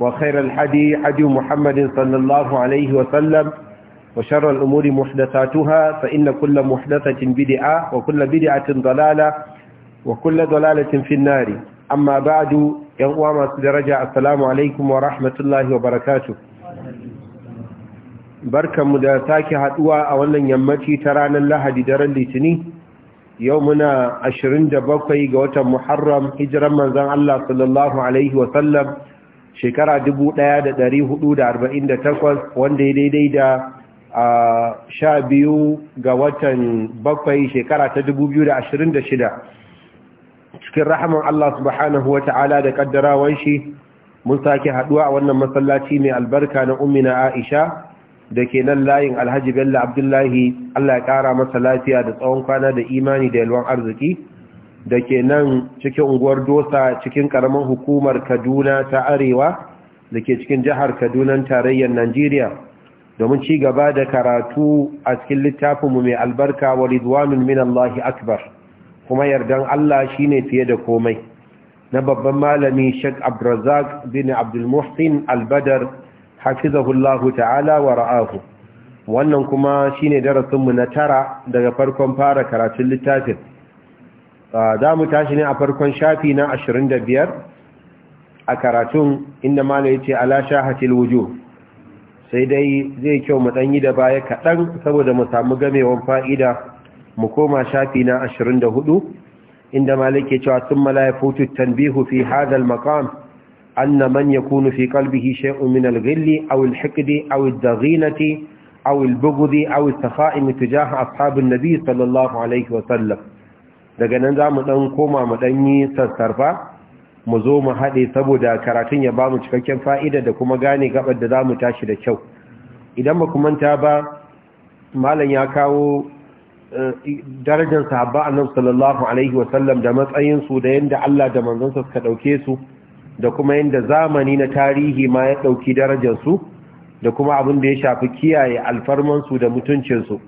وخير الحدي حدي محمد صلى الله عليه وسلم وشر الأمور محدثاتها فإن كل محدثة بدعة وكل بدعة ضلالة وكل ضلالة في النار أما بعد يوم درجة السلام عليكم ورحمة الله وبركاته بركة مداتاك هدوى أولا يمتي ترانا لها ددرا لتني يومنا عشرين دبقي قوة محرم هجرا من الله صلى الله عليه وسلم shekara 1448 wanda ya daidai da sha biyu ga watan bakwai shekara ta 2026 cikin rahaman Allah subhanahu wa ta'ala da kaddarawan shi mun sake haduwa a wannan masallaci mai albarka na ummina Aisha da ke nan layin Alhaji Bello Abdullahi Allah ya kara masa lafiya da tsawon kwana da imani da yalwan arziki da ke nan cikin unguwar dosa cikin karamin hukumar kaduna ta arewa da ke cikin jihar kaduna tarayyar najeriya domin ci gaba da karatu a cikin littafinmu mai albarka wa ridwanun min allahi akbar kuma yardan allah shine fiye da komai na babban malami sheik abdulrazak bin abdulmuhsin albadar hafizahullahu ta'ala wa ra'ahu wannan kuma shine darasinmu na tara daga farkon fara karatun littafin za mu tashi ne a farkon shafi na 25 a karatun inda mala ya ce alasha hatil wujo sai dai zai kyau mu ɗanyi da baya kaɗan saboda mu samu gamewan fa'ida mu koma shafi na 24 inda mala ke cewa sun mala ya futu tanbihu fi hadal makam أن من يكون fi قلبه شيء من الغل أو الحقد أو الضغينة أو البغض أو السخائم تجاه أصحاب النبي صلى الله عليه وسلم daga nan za mu ɗan koma mu ɗan yi sassarfa mu zo mu haɗe saboda karatun ya ba mu cikakken fa'ida da kuma gane gabar da za mu tashi da kyau idan ba manta ba malam ya kawo eh, darajar sahabba annabi sallallahu alaihi wasallam da matsayinsu da yadda Allah da manzonsa suka ɗauke su da kuma yanda zamani na tarihi ma ya ɗauki su da kuma abin da ya shafi kiyaye alfarmansu da mutuncinsu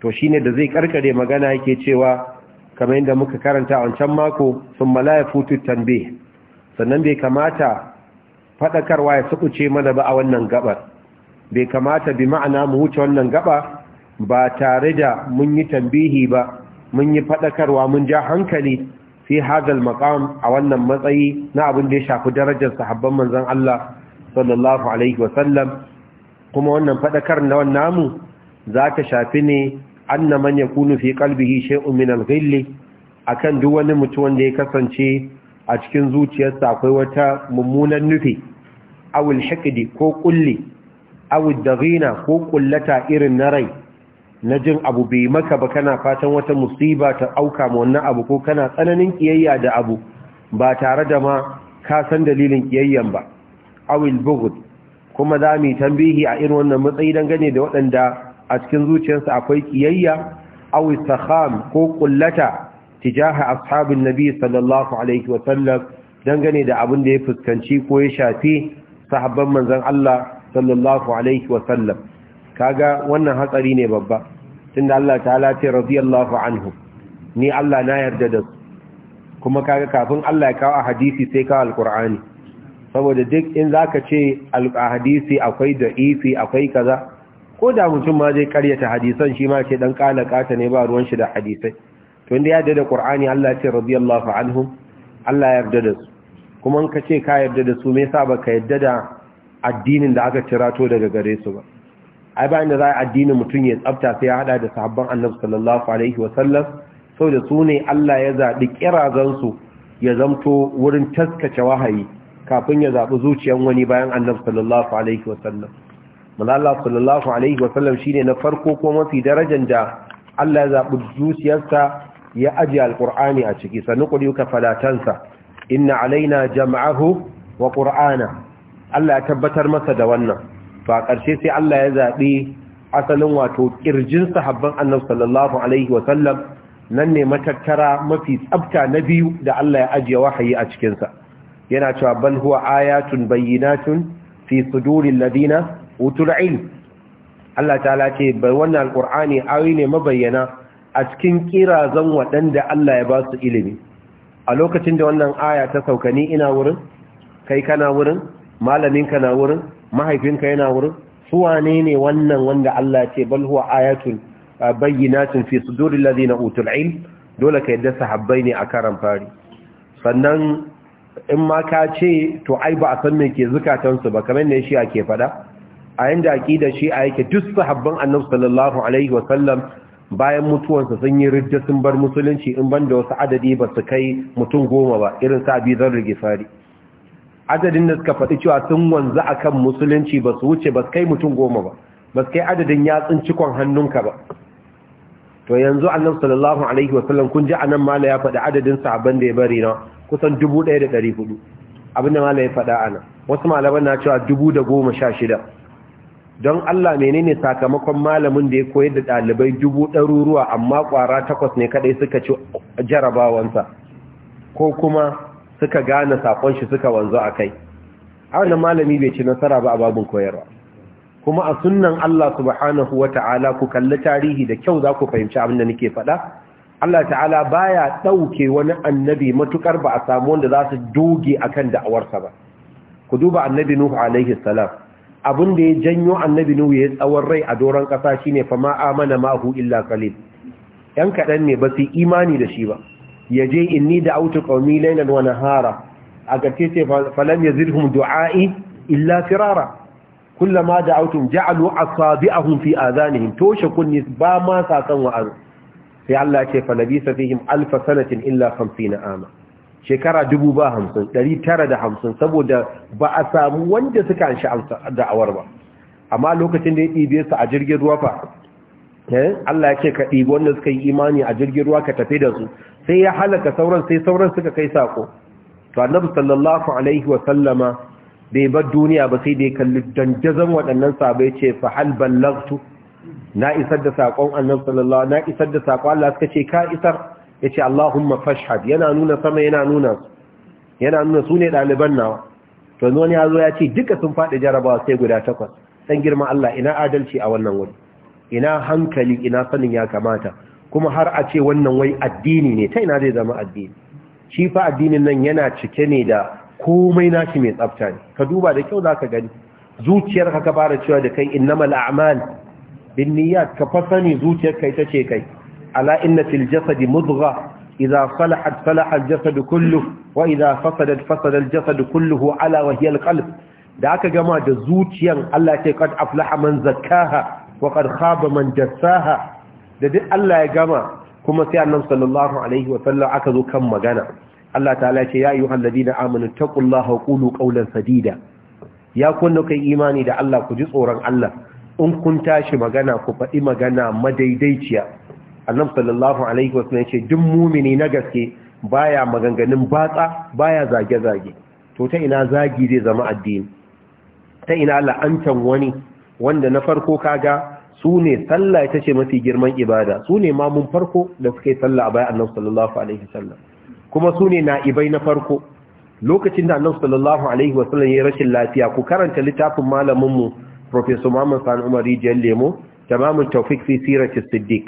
to shine da zai karkare magana yake cewa kamar yadda muka karanta a wancan mako sun ya futu tambe sannan bai kamata faɗakarwa ya sukuce mana ba a wannan gabar bai kamata bi ma'ana mu wuce wannan gaba ba tare da mun yi tambihi ba mun yi faɗakarwa mun ja hankali fi hadal maqam a wannan matsayi na abin da ya shafi darajar sahabban manzon Allah sallallahu alaihi kuma wannan faɗakar na wannan namu za ta shafi ne anna man yakunu fi qalbihi shay'un min al-ghill akan duk wani mutum wanda ya kasance a cikin zuciyarsa akwai wata mummunan nufi aw al-hiqdi ko kulli aw ad-daghina ko kullata irin na rai na jin abu bai maka ba kana fatan wata musiba ta auka ma wannan abu ko kana tsananin kiyayya da abu ba tare da ma ka san dalilin kiyayyan ba awil bughd kuma zamu mu tambihi a irin wannan matsayi dangane da waɗanda a cikin zuciyarsa akwai kiyayya aw istakham ko kullata tijaha ashabin nabi sallallahu alaihi wa sallam dangane da abin da ya fuskanci ko ya shafi sahabban manzon Allah sallallahu alaihi wa sallam kaga wannan hatsari ne babba tunda Allah ta'ala ce radiyallahu anhu ni Allah na yarda da su kuma kaga kafin Allah ya kawo a hadisi sai kawo alqur'ani saboda duk in zaka ce a hadisi akwai da'ifi akwai kaza ko da mutum ma zai karyata hadisan shi ma ce dan kala kata ne ba ruwan shi da hadisai to inda ya da qur'ani Allah ya ce radiyallahu anhum Allah ya yarda da su kuma in ka ce ka yarda da su me yasa baka yarda da addinin da aka cirato daga gare su ba ai bayan da za a addinin mutum ya tsafta sai ya hada da sahabban annabi sallallahu alaihi wa sallam saboda su ne Allah ya zabi kirazan su ya zamto wurin taskace wahayi kafin ya zaɓi zuciyan wani bayan annabi sallallahu alaihi wa sallam manzala sallallahu alaihi wasallam shine na farko ko mafi darajar da Allah ya zaɓi zuciyarsa ya ajiye alƙur'ani a ciki sannu ƙuri'uka falatansa inna alaina jama'ahu wa ƙur'ana Allah ya tabbatar masa da wannan ba ƙarshe sai Allah ya zabi asalin wato ƙirjin sahabban annabi sallallahu alaihi wasallam nan ne matattara mafi tsabta na biyu da Allah ya ajiye wahayi a cikinsa yana cewa bal huwa ayatun bayyinatun fi sudurin ladina wutul ilm Allah ta'ala ce bai wannan alqur'ani awi ne mabayyana a cikin kirazan waɗanda Allah ya ba su ilimi a lokacin da wannan aya ta sauka ni ina wurin kai kana wurin malaminka na wurin mahaifinka yana wurin su wane ne wannan wanda Allah ce bal huwa ayatul bayyinatin fi suduril ladina utul ilm dole ka yadda sahabbai ne a karan fari sannan in ma ka ce to ai ba a san me ke zukatansu ba kamar ne shi ake faɗa a yanda aqidar shi a yake duk sahabban annabi sallallahu alaihi wa sallam bayan mutuwansa sun yi rijja sun bar musulunci in banda wasu adadi ba su kai mutum goma ba irin sa abi zan rigifari adadin da suka faɗi cewa sun wanzu akan musulunci ba su wuce ba su kai mutum goma ba ba su kai adadin yatsun cikon hannunka ba to yanzu annabi sallallahu alaihi wasallam kun ji anan mala ya faɗi adadin sahabban da ya bari na kusan 1400 abinda mala ya faɗa ana wasu malaman na cewa shida. don Allah menene sakamakon malamin da ya koyar da dalibai dubu ɗaruruwa amma ƙwara takwas ne kadai suka ci jarabawansa ko kuma suka gane sakon shi suka wanzu a kai a wani malami bai ci nasara ba a babin koyarwa kuma a sunan Allah subhanahu wa ta'ala ku kalli tarihi da kyau za ku fahimci abin da nake faɗa Allah ta'ala baya ɗauke wani annabi matukar ba a samu wanda za su doge akan da'awarsa ba ku duba annabi Nuhu alaihi salam abin da ya janyo annabi nuhu ya tsawon rai a doron ƙasa shine fa ma amana ma'ahu illa qalil yan kaɗan ne ba su imani da shi ba ya je inni da autu qaumi laylan wa nahara a gace ce falam yazidhum du'a'i illa firara kullama da'awtum ja'alu asabi'ahum fi adhanihim toshe kunni ba ma sakan wa'azu sai Allah ya ce fa fihim alf sanatin illa 50 ama shekara dubu ba hamsin ɗari tara da hamsin saboda ba a samu wanda suka an sha da'awar ba amma lokacin da ya ɗibe su a jirgin ruwa fa eh, Allah ya ce ka ɗibi wanda suka yi imani a jirgin ruwa ka tafi da su sai ya halaka sauran sai sauran suka kai sako to annabi sallallahu alaihi wa sallama bai bar duniya ba sai da kalli dandazon waɗannan sabai ce fa hal ballagtu na isar da saƙon annabi sallallahu na isar da saƙon Allah suka ce ka isar Ya ce Allahumma fashad yana nuna sama yana nuna yana nuna su ne ɗaliban nawa to wani ya zo ya ce duka sun faɗi jarabawa sai guda takwas dan girma Allah ina adalci a wannan wani? ina hankali ina sanin ya kamata kuma har a ce wannan wai addini ne ta ina zai zama addini shi fa addinin nan yana cike ne da komai nashi mai tsafta ne ka duba da kyau zaka gani zuciyar ka fara cewa da kai innamal a'mal binniyat ka fa sani zuciyar kai ce kai ala inna fil jasadi mudgha idza salahat salaha al-jasad kullu wa idza fasadat fasada al-jasad kulluhu ala da aka gama da zuciyan Allah ce kad aflaha man zakkaha wa kad khaba man dassaha da duk Allah ya gama kuma sai annabi sallallahu alaihi wa sallam aka zo kan magana Allah ta'ala ce ya ayyuhal ladina amanu taqullaha wa qulu qawlan sadida ya kunna kai imani da Allah ku ji tsoron Allah in kun tashi magana ku faɗi magana madaidaiciya annabi sallallahu alaihi wasallam yace duk mumini na gaske baya maganganun batsa baya zage zage to ta ina zagi zai zama addini ta ina la'antan wani wanda na farko kaga su ne sallah ita ce mafi girman ibada su ne mamun farko da suka yi sallah a bayan annabi sallallahu alaihi wasallam kuma su ne na'ibai na farko lokacin da annabi sallallahu alaihi wasallam ya rashin lafiya ku karanta littafin malamin mu professor Muhammad Sani Umar rijiyar Lemo tamamul tawfiq fi sirati siddiq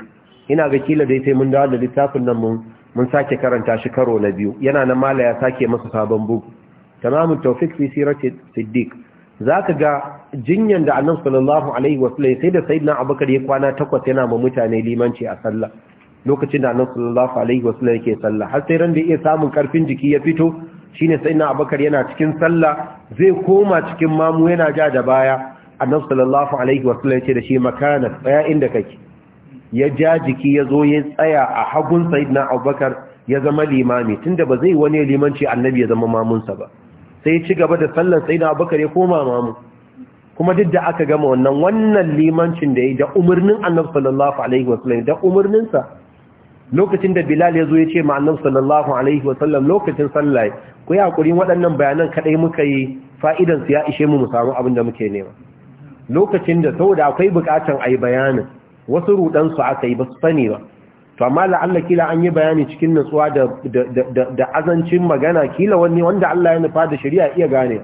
ina ga kila dai sai mun dawo da littafin nan mun mun sake karanta shi karo na biyu yana na mala ya sake masa sabon bugu tamamu tawfik fi sirati siddiq zaka ga jinyan da annabi sallallahu alaihi sallam sai da sayyidina abubakar ya kwana takwas yana ma mutane limanci a sallah lokacin da annabi sallallahu alaihi sallam yake sallah har sai ran da iya samun karfin jiki ya fito shine sayyidina abubakar yana cikin sallah zai koma cikin mamu yana ja da baya annabi sallallahu alaihi wasallam ya ce da shi makana tsaya inda kake ya ja jiki ya zo ya tsaya a hagun sayidina abubakar ya zama limami tunda ba zai wani limanci annabi ya zama mamunsa ba sai ya ci gaba da sallar sayidina abubakar ya koma mamu kuma duk da aka gama wannan wannan limancin da ya da umarnin annabi sallallahu alaihi wasallam da umarninsa lokacin da bilal ya zo ya ce ma annabi sallallahu alaihi wasallam lokacin sallah ku yi hakuri waɗannan bayanan kadai muka yi fa'idansu ya ishe mu mu samu abin da muke nema lokacin da saboda akwai a yi bayanin wasu rudansu aka yi ba su sani ba to amma la'alla kila an yi bayani cikin nutsuwa da da azancin magana kila wani wanda Allah ya nufa da shari'a iya gane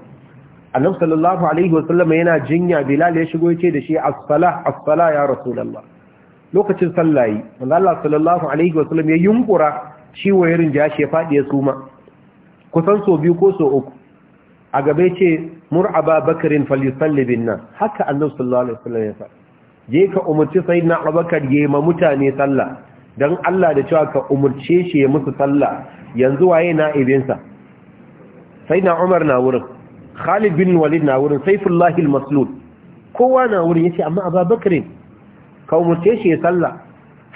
annabi sallallahu alaihi wasallam yana jinya bilal ya shigo yace da shi as sala as sala ya rasulullah lokacin sallayi manzo Allah sallallahu alaihi wasallam ya yunkura shi wayarin jashi shi ya fadi ya suma kusan so biyu ko so uku a gabe ce muraba ababakarin falyusalli bin haka annabi sallallahu alaihi wasallam ya faɗi je ka umarci sayyidina abubakar ya ma mutane sallah don Allah da cewa ka umarce shi ya musu sallah yanzu waye na ibinsa sayyidina umar na wurin khalid bin walid na wurin saifullahi al-maslul kowa na wurin yace amma abubakar ka umarce shi ya sallah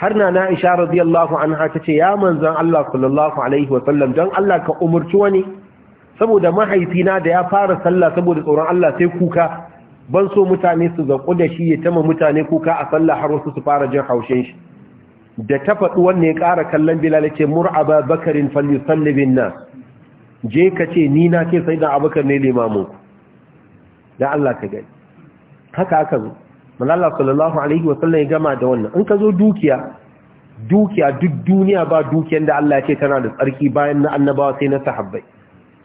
har na na isha radiyallahu anha tace ya manzon Allah sallallahu alaihi wa sallam don Allah ka umarci wani saboda mahaifina da ya fara sallah saboda tsoron Allah sai kuka ban so mutane su zaƙo da shi ya tama mutane kuka a sallah har wasu su fara jin haushin shi da ta faɗi wannan ya ƙara kallon bilal ya ce mur'aba bakarin falyusallibin nas je ka ce ni na ce sai da abokan ne limamu da Allah ka gani haka aka zo malala sallallahu alaihi wa sallam ya gama da wannan in ka zo dukiya dukiya duk duniya ba dukiyar da Allah ya ce tana da tsarki bayan na annabawa sai na sahabbai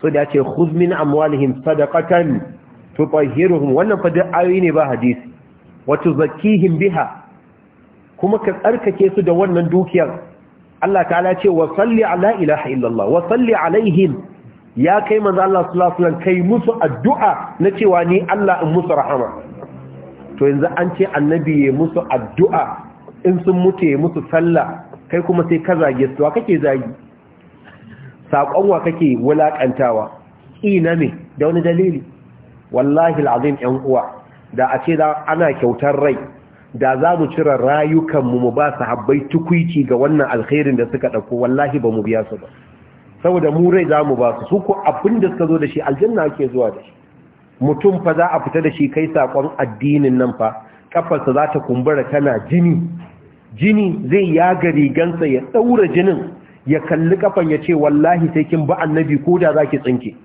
so da ya ce khuz min amwalihim sadaqatan tutahhiruhum wannan fa duk ayoyi ne ba hadisi wa tuzakkihim biha kuma ka tsarkake su da wannan dukiyar Allah ta'ala ce wa salli ala ilaha illallah wa salli alaihim ya kai manzo Allah sallallahu alaihi wasallam kai musu addu'a na cewa ni Allah in musu rahama to yanzu an ce annabi ya musu addu'a in sun mutu ya musu sallah kai kuma sai ka zage su wa kake zagi sakon wa kake wulakantawa ina me da wani dalili wallahi alazim yan uwa da a ce da ana kyautar rai da za mu cire rayukanmu mu ba su sahabbai tukuici ga wannan alkhairin da suka dauko wallahi ba mu biya su ba saboda mu rai za mu ba su su ko abin da suka zo da shi aljanna ake zuwa da shi mutum fa za a fita da shi kai sakon addinin nan fa ƙafarsa za ta kumbura tana jini jini zai yaga rigansa ya daura jinin ya kalli ƙafan ya ce wallahi sai kin ba annabi ko da zaki tsinke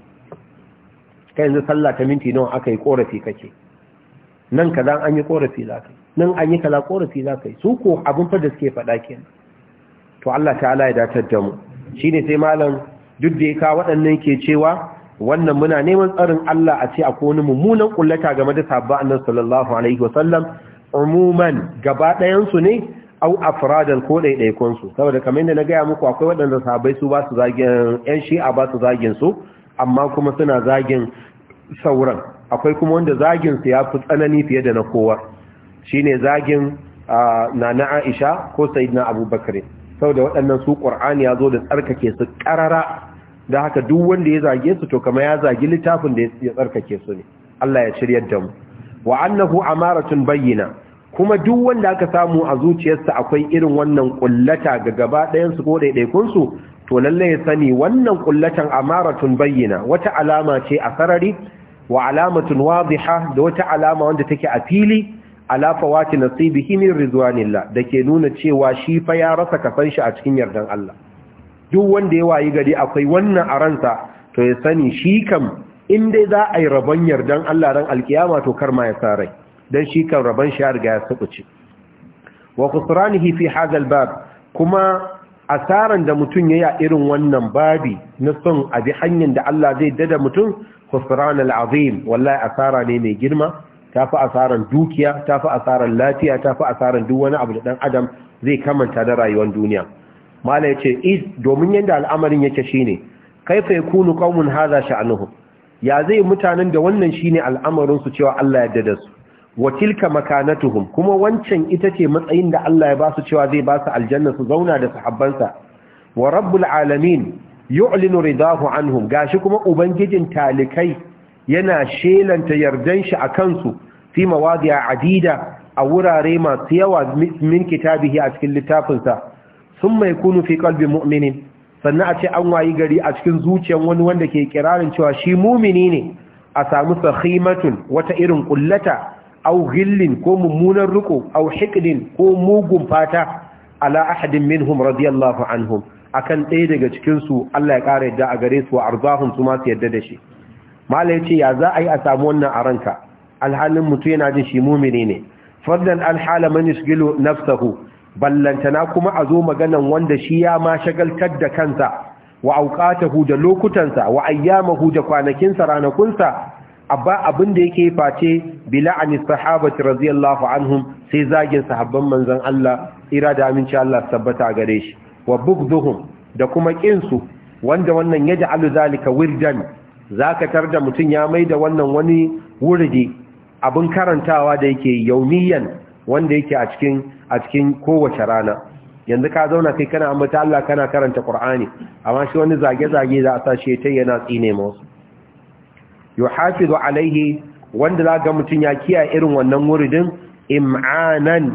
kai yanzu sallah ta minti nawa aka yi korafi kake nan kaza an yi korafi za ka nan an yi kaza korafi za ka su ko abin fa da suke faɗa kenan to Allah ta'ala ya datar da mu shine sai malam duk da yaka waɗannan ke cewa wannan muna neman tsarin Allah a ce akwai wani mummunan kullata game da sabba annabi sallallahu alaihi wasallam umuman gaba ɗayan su ne au afradan ko ɗaiɗaikon su saboda kamar yadda na gaya muku akwai waɗanda sahabbai su ba su zagin yan shi'a ba su zagin su amma kuma suna zagin sauran akwai kuma wanda zaginsu ya fi tsanani fiye da na kowa Shi ne zagin nana aisha ko sayidina abubakar saboda waɗannan su ƙur'ani ya zo da tsarkake su ƙarara da haka duk wanda ya zage su to kama ya zagi littafin da ya tsarkake su ne Allah ya shiryar da mu wa annahu amaratun bayyana kuma duk wanda aka samu a zuciyarsa akwai irin wannan ƙullata ga gaba ɗayan ko ɗaiɗaikunsu, to lallai ya sani wannan kullatan amaratun bayyana wata alama ce a sarari wa alamatun wadiha da wata alama wanda take a fili ala fawati nasibihi min ridwanillah dake nuna cewa shi fa ya rasa kasan shi a cikin yardan Allah duk wanda ya wayi gari akwai wannan a ransa to ya sani shi kam in dai za a yi rabon yardan Allah ran alkiyama to kar ma ya sa rai dan shi kan rabon shi ya riga ya sukuce wa khusranihi fi hadha bab kuma asaran da mutum yayi irin wannan babi na son a bi hanyar da Allah zai dada mutum khusran al'azim wallahi asara ne mai girma tafi asaran dukiya tafi asaran lafiya tafi asaran duk wani abu da dan adam zai kamanta da rayuwar duniya mala ce, is domin yanda al'amarin yake shine kaifa yakunu qaumun hadha sha'nuhum ya zai mutanen da wannan shine al'amarin su cewa Allah ya dada su wa tilka makanatuhum kuma wancan ita ce matsayin da Allah ya ba su cewa zai ba su aljanna su zauna da sahabbansa wa rabbul alamin yu'linu ridahu anhum gashi kuma ubangijin talikai yana shelanta yardan shi akan su fi mawadi'a adida a wurare masu yawa min kitabihi a cikin littafinsa sun mai kunu fi kalbi mu'minin sannan a ce an wayi gari a cikin zuciyar wani wanda ke kirarin cewa shi mumini ne a samu sahimatun wata irin kullata au ko mummunan riko au ko mugun fata ala ahadin minhum radiyallahu anhum akan ɗaya daga cikinsu Allah ya ƙara yadda a gare su arzahun su masu yadda da shi mala ya ce ya za a yi a samu wannan a ranka alhalin mutu yana jin shi mumini ne fardan alhala su gilo nafsahu ballantana kuma a zo maganan wanda shi ya ma shagaltar da kansa wa auqatahu da lokutansa wa ayyamahu da kwanakinsa ranakunsa abba abin da yake face bila'ani sahabati radiyallahu anhum sai zagin sahabban manzon Allah ira da aminci Allah tabbata gare shi wa bughdhum da kuma kinsu wanda wannan ya alu zalika wirdan zaka tarda mutun ya maida wannan wani wurdi abin karantawa da yake yaumiyan wanda yake a cikin a cikin kowace rana yanzu ka zauna kai kana ta Allah kana karanta Qur'ani amma shi wani zage-zage za a sashe ta yana tsine ma wasu yuhafizu alaihi wanda zaka ga mutum ya kiya irin wannan wurdin im'anan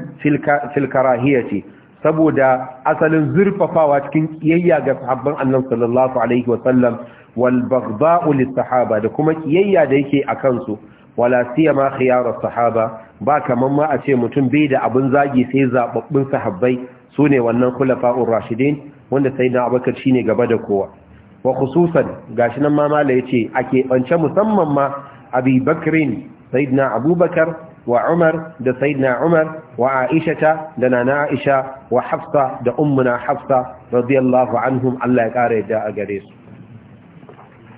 fil karahiyati saboda asalin zurfafawa cikin kiyayya ga sahabban annan sallallahu alaihi wasallam wal baghda'u lis sahaba da kuma kiyayya da yake a kansu wala siyama khiyar sahaba ba kaman ma a ce mutum bai da abin zagi sai zababbin sahabbai sune wannan khulafa'ur rashidin wanda sayyidina abubakar shine gaba da kowa wa khususan gashi nan ma mala yace ake bance musamman ma abubakar sayyidina abubakar wa Umar da Sayyidina Umar wa Aishata da Nana Aisha wa Hafsa da Ummuna Hafsa radiyallahu anhum Allah ya kare da a gare su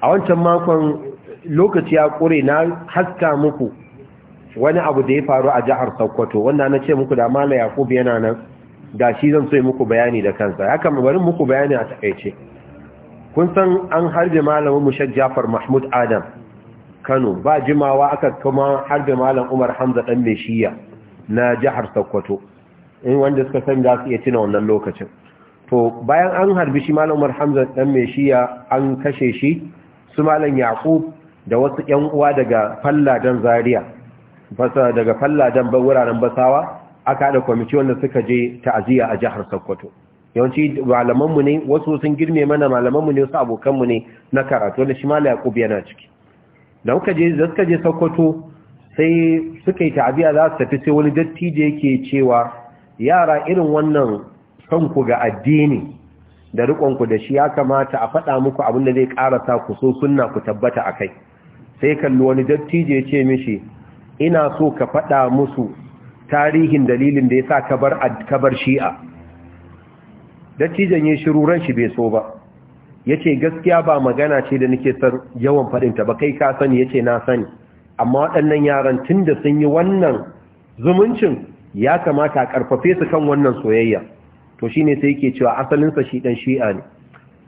a wancan makon lokaci ya kure na haska muku wani abu da ya faru a jihar Sokoto wanda na ce muku da Malam Yakub yana nan da shi zan so muku bayani da kansa haka bari muku bayani a takaice kun san an harbe malamin mushajjafar Mahmud Adam Kano ba jimawa aka kuma har da malam Umar Hamza dan Meshiya na jihar Sokoto in wanda suka san za su iya tuna wannan lokacin to bayan an harbi shi malam Umar Hamza dan Meshiya an kashe shi su malam Yaqub da wasu yan uwa daga Falladan Zaria basa daga Falladan ba wuraren Basawa aka da kwamiti wanda suka je ta'aziyya a jihar Sokoto yawanci malamanmu ne wasu sun girme mana malamanmu ne wasu abokanmu ne na karatu wanda shi malam Yaqub yana ciki da kuka je da suka je Sokoto sai suka yi ta'abiya za su tafi sai wani dattijo yake cewa yara irin wannan kanku ga addini da rikonku da shi ya kamata a faɗa muku abin da zai ƙarasa ku so sunna ku tabbata akai sai kalli wani dattijo ya ce mishi ina so ka faɗa musu tarihin dalilin da ya sa kabar shi'a dattijon ya shiru ran shi bai so ba Ya ce gaskiya ba magana ce da nake san yawan faɗinta ba kai ka sani ya ce na sani amma waɗannan yaran tun da sun yi wannan zumuncin ya kamata a ƙarfafe su kan wannan soyayya to shi ne sai ke cewa asalinsa shi ɗan shi'a ne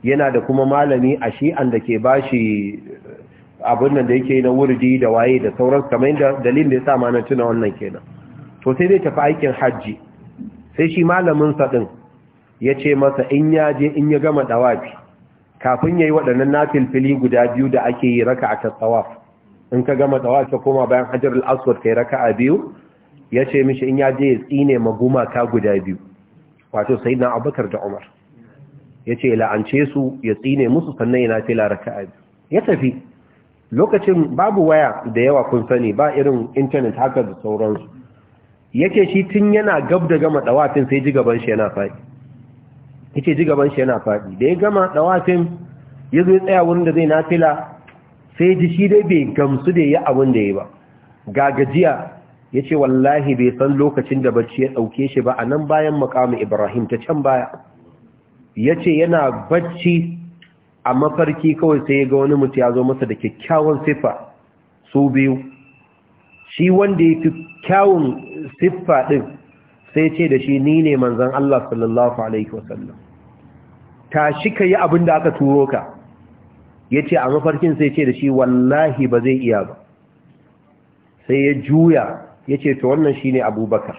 yana da kuma malami a shi'an da ke ba shi eh, abin nan da yake na wurdi da waye da sauran kamar yadda dalilin da ya sa mana tuna wannan kenan to sai zai tafi aikin hajji sai shi malamin sa ɗin ya ce masa in ya je in ya gama ɗawafi. kafin yayi waɗannan nafilfili guda biyu da ake yi raka'a ta tsawaf in ka gama tsawaf ka koma bayan hajar al-aswad kai raka'a biyu ya ce mishi in ya je ya tsine ma gumaka guda biyu wato sayyidina abubakar da umar ya ce la'ance su ya tsine musu sannan yana fila raka'a biyu ya tafi lokacin babu waya da yawa kun sani ba irin intanet haka da sauransu yake shi tun yana gab da gama tsawafin sai ji gaban shi yana faɗi yace ji gaban shi yana faɗi da ya gama dawafin ya zo tsaya wurin da zai nafila sai ji shi dai bai gamsu da ya abin da ya ba ga gajiya yace wallahi bai san lokacin da bacci ya ɗauke shi ba a nan bayan makamu Ibrahim ta can baya yace yana bacci a mafarki kawai sai ya ga wani mutu ya zo masa da kyakkyawan sifa su biyu shi wanda ya fi kyawun siffa ɗin sai ce da shi ni ne manzan Allah sallallahu alaihi wasallam tashi ka yi abin da aka turo ka ya ce a mafarkin sai ce da shi wallahi ba zai iya ba sai ya juya ya ce ta wannan shi ne abubakar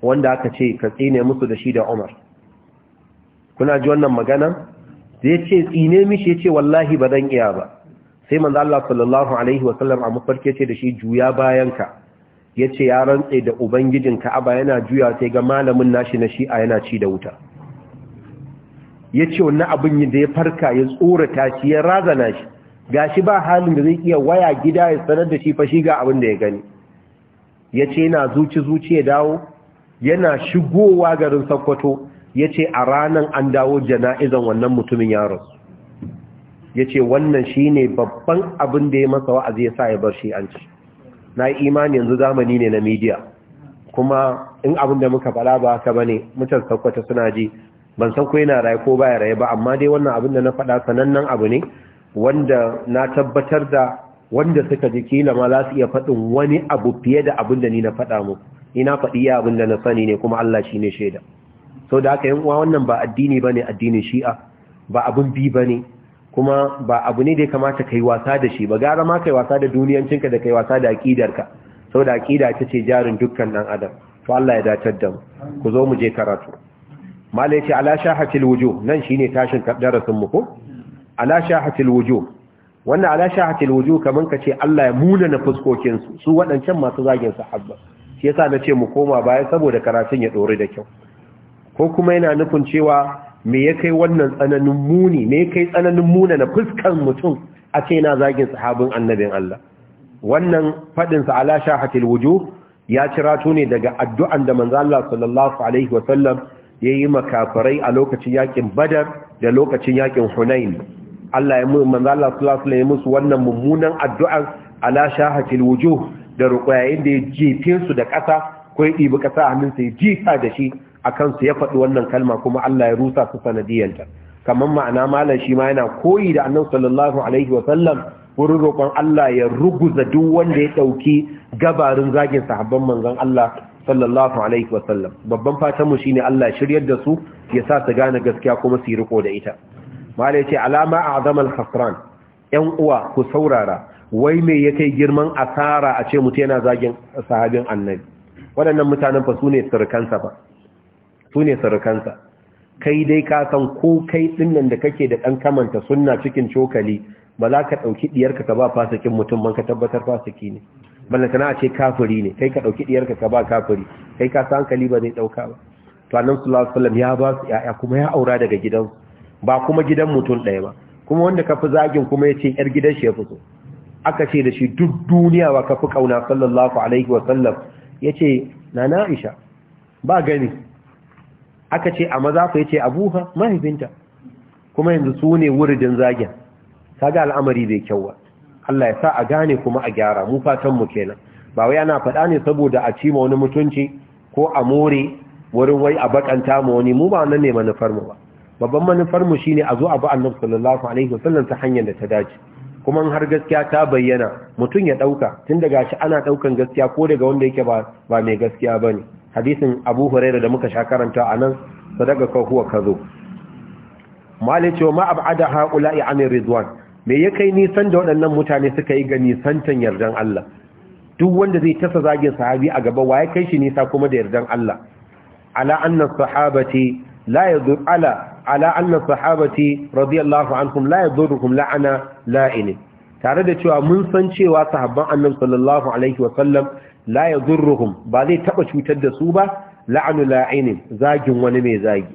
wanda aka ce ka tsine musu da shi da umar kuna ji wannan magana zai ce tsine mishi ya ce wallahi ba zan iya ba sai manzan Allah sallallahu alaihi wasallam a mafarki ce da shi juya bayanka ya ce ya rantse da ubangijin ka'aba yana juya sai ga malamin nashi na shi'a yana ci da wuta ya ce wani abin da ya farka ya tsorata shi ya razana shi ga shi ba halin da zai iya waya gida ya sanar da shi fashi ga abin da ya gani ya ce yana zuci zuci ya dawo yana shigowa garin sakwato ya ce a ranar an dawo jana'izan wannan mutumin yaron ya ce wannan shi ne babban abin da ya masa wa'azi ya sa ya bar shi an ci na yi imani yanzu zamani ne na media kuma in abin da muka fada ba haka bane mutan saukwata suna ji ban san ko yana raye ko baya raye ba amma dai wannan abin da na fada sanannen abu ne wanda na tabbatar da wanda suka ji kila ma za su iya faɗin wani abu fiye da abin da ni na faɗa mu ina faɗi ya abin da na sani ne kuma Allah shi ne shaida sau da aka uwa wannan ba addini ba ne addinin shi'a ba abin bi ba ne kuma ba abu ne da ya kamata kai wasa da shi ba gara ma kai wasa da duniyancinka da kai wasa da aqidarka saboda aqida ita ce jarin dukkan dan adam to Allah ya dace da mu ku zo mu je karatu mala ce ala shahatil wujuh nan shine tashin darasin mu ko ala shahatil wujuh wannan ala shahatil wujuh kaman kace Allah ya muna na fuskokin su su wadancan masu zagin sahabba shi yasa na ce mu koma baya saboda karatun ya dore da kyau ko kuma yana nufin cewa me ya kai wannan tsananin muni me ya kai tsananin muna na fuskar mutum a ce na zagin sahabin annabin Allah wannan faɗinsa ala shahatil ya cirato ne daga addu'an da manzo Allah sallallahu alaihi wasallam yayi makafarai a lokacin yakin Badar da lokacin yakin Hunain Allah ya mu manzo Allah sallallahu alaihi musu wannan mummunan addu'an ala shahatil da ruqayayin da ya jefe su da ƙasa ko ya ɗibi ƙasa a hannunsa ya jifa da shi a kansu ya faɗi wannan kalma kuma Allah ya rusa su sanadiyanta kamar ma'ana malam shi ma yana koyi da annabi sallallahu alaihi wasallam wurin roƙon Allah ya ruguza duk wanda ya ɗauki gabarin zagin sahabban manzon Allah sallallahu alaihi wasallam babban fatan mu shine Allah ya shiryar da su ya sa su gane gaskiya kuma su riko da ita malam yace alama al khasran yan uwa ku saurara wai me yake girman asara a ce mutum yana zagin sahabin annabi waɗannan mutanen fa su ne surukansa ba su ne surukansa kai dai ka san ko kai dinnan da kake da ɗan kamanta sunna cikin cokali ba za ka ɗauki ɗiyarka ka ba fasikin mutum ban ka tabbatar fasiki ne ballantana a ce kafiri ne kai ka ɗauki ɗiyarka ka ba kafiri kai ka san kali ba zai ɗauka ba to annabi sallallahu alaihi wasallam ya ba su ya'ya kuma ya aura daga gidan ba kuma gidan mutum ɗaya ba kuma wanda ka fi zagin kuma yace ce yar gidan shi ya fi so aka ce da shi duk duniya ba ka fi kauna sallallahu alaihi wasallam ya ce na ba gani aka ce a maza fa yace abuha mahaifinta kuma yanzu su ne wuridin zagin kaga al'amari bai kyau ba. Allah ya sa a gane kuma a gyara mu fatan mu kenan ba wai ana faɗa ne saboda a cima wani mutunci ko a more wurin wai a bakanta mu wani mu ba wannan ne manufar mu ba babban manufar mu shine a zo a bi Annabi sallallahu alaihi wasallam ta hanyar da ta dace kuma har gaskiya ta bayyana mutum ya dauka tun daga shi ana daukan gaskiya ko daga wanda yake ba ba mai gaskiya bane hadisin abu huraira da muka sha karanta a nan sadaka ka huwa ka zo malice ma abada haƙula'i amin ridwan me ya kai nisan da waɗannan mutane suka yi ga nisantan yardan Allah duk wanda zai tasa zagin sahabi a gaba waya kai shi nisa kuma da yardan Allah ala anna sahabati la yadur ala ala anna sahabati radiyallahu anhum la yadurukum la'ana la'ini tare da cewa mun san cewa sahabban annabi sallallahu alaihi wa sallam la yadurruhum ba zai taba cutar da su ba la'anu la'inin zagin wani mai zagi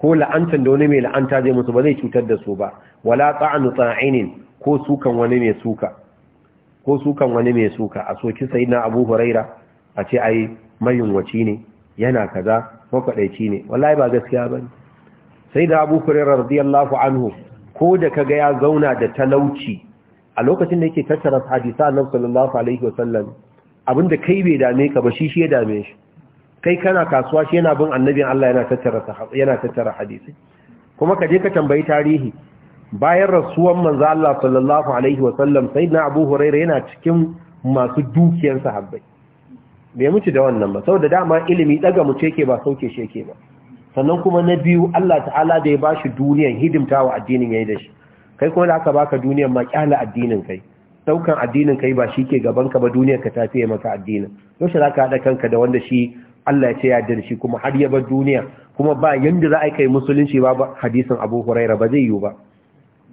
ko la'antan da wani mai la'anta zai musu ba zai cutar da su ba wala ta'anu ta'inin ko sukan wani mai suka ko sukan wani mai suka a soki na Abu Huraira a ce ai mayunwaci ne yana kaza makwadaici ne wallahi ba gaskiya bane da Abu Huraira radiyallahu anhu ko da kaga ya zauna da talauci a lokacin da yake tattara hadisa Annabi sallallahu alaihi wasallam abinda kai bai dame ka ba shi shi ya dame shi kai kana kasuwa shi yana bin annabin Allah yana tattara hadisi kuma ka je ka tambayi tarihi bayan rasuwan manzo Allah sallallahu alaihi wa sallam sayyidina Abu Hurairah yana cikin masu dukiyar sahabbai bai mutu da wannan ba saboda dama ilimi daga mu ce ke ba sauke shi yake ba sannan kuma na biyu Allah ta'ala da ya ba bashi duniyan hidimtawa addinin yayi da shi kai kuma da aka baka duniyar ma kyala addinin kai daukan addinin kai ba shi ke gaban ka ba duniyar ka tafiye maka addinin Yaushe shi zaka hada kanka da wanda shi Allah ya ce ya da shi kuma har ya bar duniya kuma ba yanda za a kai musulunci ba hadisin Abu Huraira ba zai yiwu ba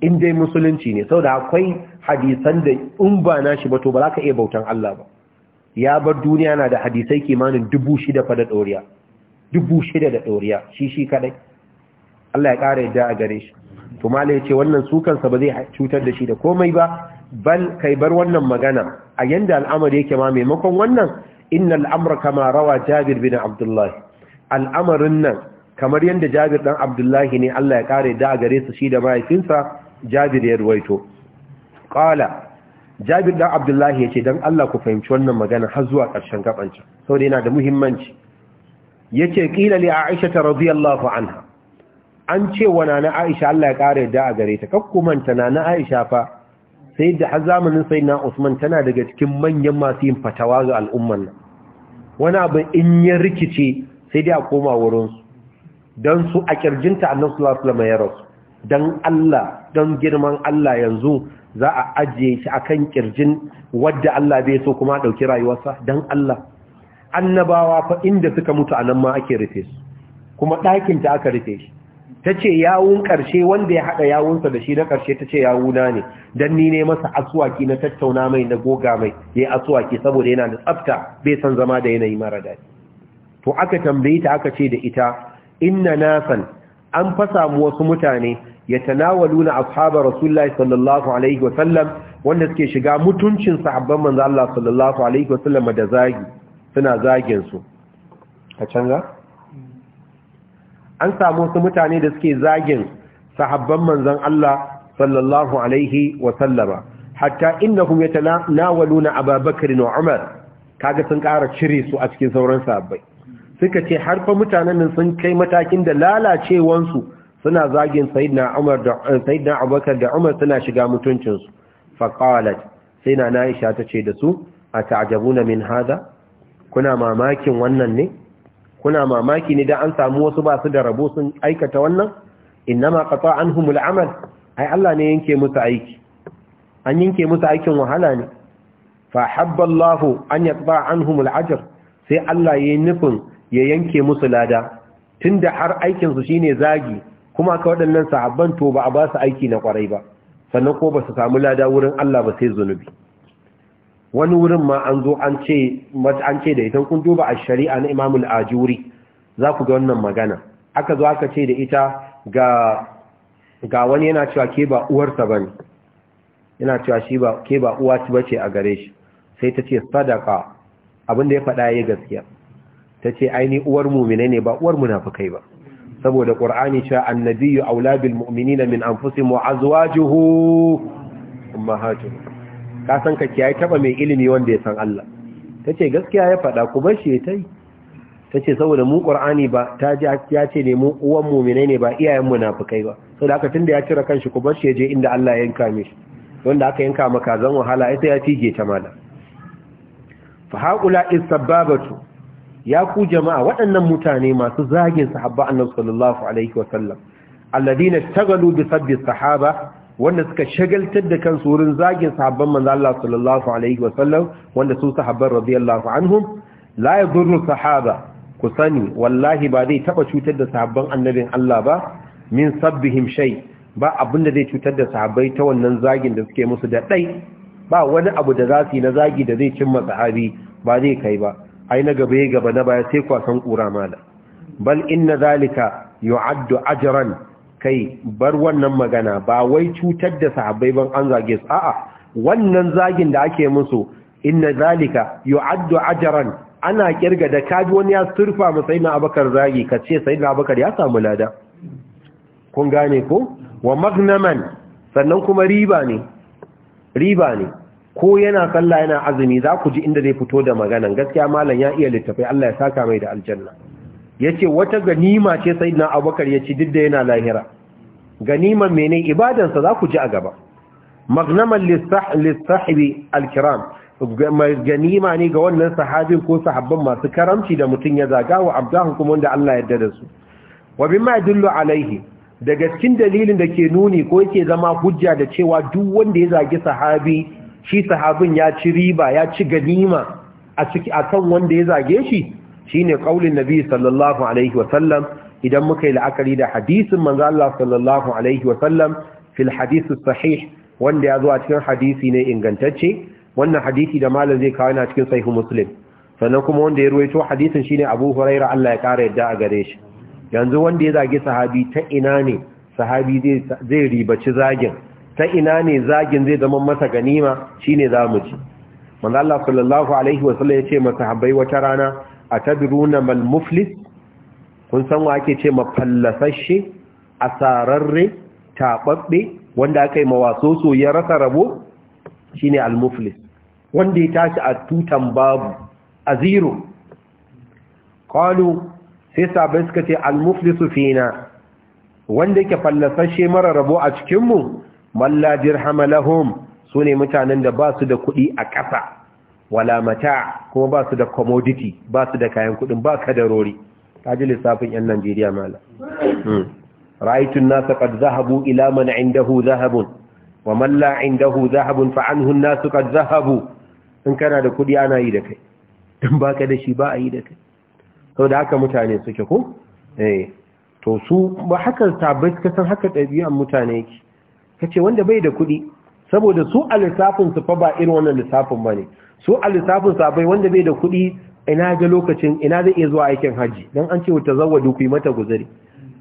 in dai musulunci ne saboda akwai hadisan da in ba na shi ba to ba za ka iya bautan Allah ba ya bar duniya na da hadisai kimanin dubu shida fa da ɗoriya dubu shida da ɗoriya shi shi kaɗai Allah ya ƙara yadda a gare shi to mala ya ce wannan sukansa ba zai cutar da shi da komai ba bal kai bar wannan magana a yanda al'amari yake ma maimakon wannan innal amra kama rawa jabir bin abdullah al'amarin nan kamar yanda jabir dan abdullah ne Allah ya kare da gare su shi da mahaifinsa jabir ya ruwaito qala jabir dan abdullah yace dan Allah ku fahimci wannan magana har zuwa ƙarshen gabanci saboda yana da muhimmanci yace qila li aisha radhiyallahu anha an ce wa nana aisha Allah ya kare da gare ta kakkumanta nana aisha fa sai da har zamanin Saina Usman tana daga cikin manyan masu yin fatawa ga al'umman nan wani abu in ya rikice sai dai a koma wurinsu. su dan su a kirjinta annabi sallallahu alaihi wasallam ya rasu dan Allah dan girman Allah yanzu za a ajiye shi akan kirjin wadda Allah bai so kuma ɗauki rayuwarsa dan Allah annabawa fa inda suka mutu a nan ma ake rufe su kuma ɗakinta ta aka rufe shi ta ce yawun ƙarshe wanda ya haɗa yawunsa da shi na ƙarshe ta ce yawuna ne don ni ne masa asuwaki na tattauna mai na goga mai ya yi asuwaki saboda yana da tsafta bai san zama da yanayi mara daɗi to aka tambayi ta aka ce da ita inna na san an fasa mu wasu mutane ya na ashabar rasulullahi sallallahu alaihi wasallam wanda suke shiga mutuncin sahabban manzo sallallahu alaihi wa da zagi suna zagin su ka canza an samu wasu mutane da suke zagin sahabban manzon Allah sallallahu alaihi wa sallama hatta innahum yatanawaluna Abubakar wa Umar kaga sun ƙara cire su a cikin sauran sahabbai suka ce har fa mutanen nan sun kai matakin da lalacewansu suna zagin sayyidina Umar da eh, sayyidina Abubakar da Umar suna shiga mutuncinsu fa sai na Aisha tace da su a ta'jabuna min hada kuna mamakin wannan ne kuna mamaki ne da an samu wasu ba su da rabo sun aikata wannan innama qata anhumul amal ai Allah ne yanke musu aiki an yanke musu aikin wahala ne fa habba Allah an yaqta anhumul ajr sai Allah yayin nufin ya yanke musu lada tunda har aikin su shine zagi kuma ka waɗannan sahabban to ba a ba su aiki na kwarai ba sannan ko ba su samu lada wurin Allah ba sai zunubi wani wurin ma an zo an ce da ita kun duba a shari'a na imamul ajuri za ku ga wannan magana aka zo aka ce da ita ga wani yana cewa ke ba uwarsa ne, yana cewa shi ba ke ba uwa ci bace a gare shi sai ta ce sadaka abin da ya faɗa ya gaskiya ta ce aini uwar mu'mina ne ba uwar munafukai ba saboda ƙur'ani cewa annabiyyu aula bil mu'minina min anfusihim wa azwajuhu ummahatuhum ka san ka kiyaye taba mai ilimi wanda ya san Allah tace gaskiya ya faɗa ku bar yi. Ta tace saboda mu Qur'ani ba ta ji ya ce ne mu uwan mu'minai ne ba iyayen munafikai ba saboda haka tunda ya cire kanshi ku bar shi je inda Allah ya yanka mishi wanda aka yanka maka zan wahala ita ya tige ta mala fa haula isbabatu ya ku jama'a waɗannan mutane masu zagin sahabba annabi sallallahu alaihi sallam alladina tagalu bi sabbi sahaba wanda suka shagaltar da kansu wurin zagin sahabban manzo Allah sallallahu alaihi wasallam wanda su sahabban radiyallahu anhum la yadurru sahaba ku sani wallahi ba zai taba cutar da sahabban annabin Allah ba min sabbihim shay ba abinda zai cutar da sahabbai ta wannan zagin da suke musu da dai ba wani abu da za su na zagi da zai cimma sahabi ba zai kai ba ai na gaba ya gaba na baya sai kwasan kura mala bal inna zalika yu'addu ajran kai bar wannan magana ba wai cutar da sahabbai ban an zage su a'a wannan zagin da ake musu inna zalika yu'addu ajran ana kirga da kaji wani ya surfa mu sayyidina abakar zagi kace sayyidina abakar ya samu lada kun gane ko wa magnaman sannan kuma riba ne riba ne ko yana sallah yana azumi za ku ji inda zai fito da maganan gaskiya malam ya iya littafai Allah ya saka mai da aljanna Ya ce wata ganima ce sai na abubakar ya ci duk da yana lahira ganiman mene ibadansa za ku ji a gaba magnaman lissahibi alkiram ganima ne ga wannan sahabin ko sahabban masu karamci da mutum ya zaga wa abdahun kuma da Allah yadda da su wa bima ma'adullu alaihi daga cikin dalilin da ke nuni ko yake zama hujja da cewa duk wanda ya zagi sahabi shi sahabin ya ci riba ya ci ganima a kan wanda ya zage shi shine kaulin nabi sallallahu alaihi wasallam idan muka yi la'akari da hadisin manzo Allah sallallahu alaihi wasallam fil hadith sahih wanda ya zo a cikin hadisi ne ingantacce wannan hadisi da malam zai kawo yana cikin sahih muslim sannan kuma wanda ya ruwaito hadisin shine Abu Hurairah Allah ya kara yadda a gare shi yanzu wanda ya zage sahabi ta ina ne sahabi zai zai ribaci zagin ta ina ne zagin zai zama masa ganima shine zamu ji manzo Allah sallallahu alaihi wasallam ya ce masahabbai wata rana a tadiruna mal muflis kun san wa ake ce mafallasashe asararre taɓaɓɓe wanda aka yi mawasoso ya rasa rabo shine al muflis wanda ya tashi a tutan babu a zero qalu sai sabai suka ce al muflisu fina wanda yake fallasashe mara rabo a cikinmu mallajir dirhama su ne mutanen da ba su da kuɗi a ƙasa wala mata kuma ba su da commodity ba su da kayan kudin ba da kadarori kaji lissafin yan Najeriya mala hmm. ra'aytun nasu qad zahabu ila man indahu zahabun wa man la indahu zahabun fa anhu an qad zahabu in kana da kudi ana yi da kai in ka da shi ba a yi da kai saboda haka mutane suke ko eh to su ba haka sabai ka san haka ɗabi'an mutane yake kace wanda bai da kudi saboda su a lissafin su fa ba irin wannan lissafin bane su a lissafin sabai wanda bai da kuɗi ina ga lokacin ina zai iya zuwa aikin hajji don an ce wata tazawwadu ku yi mata guzari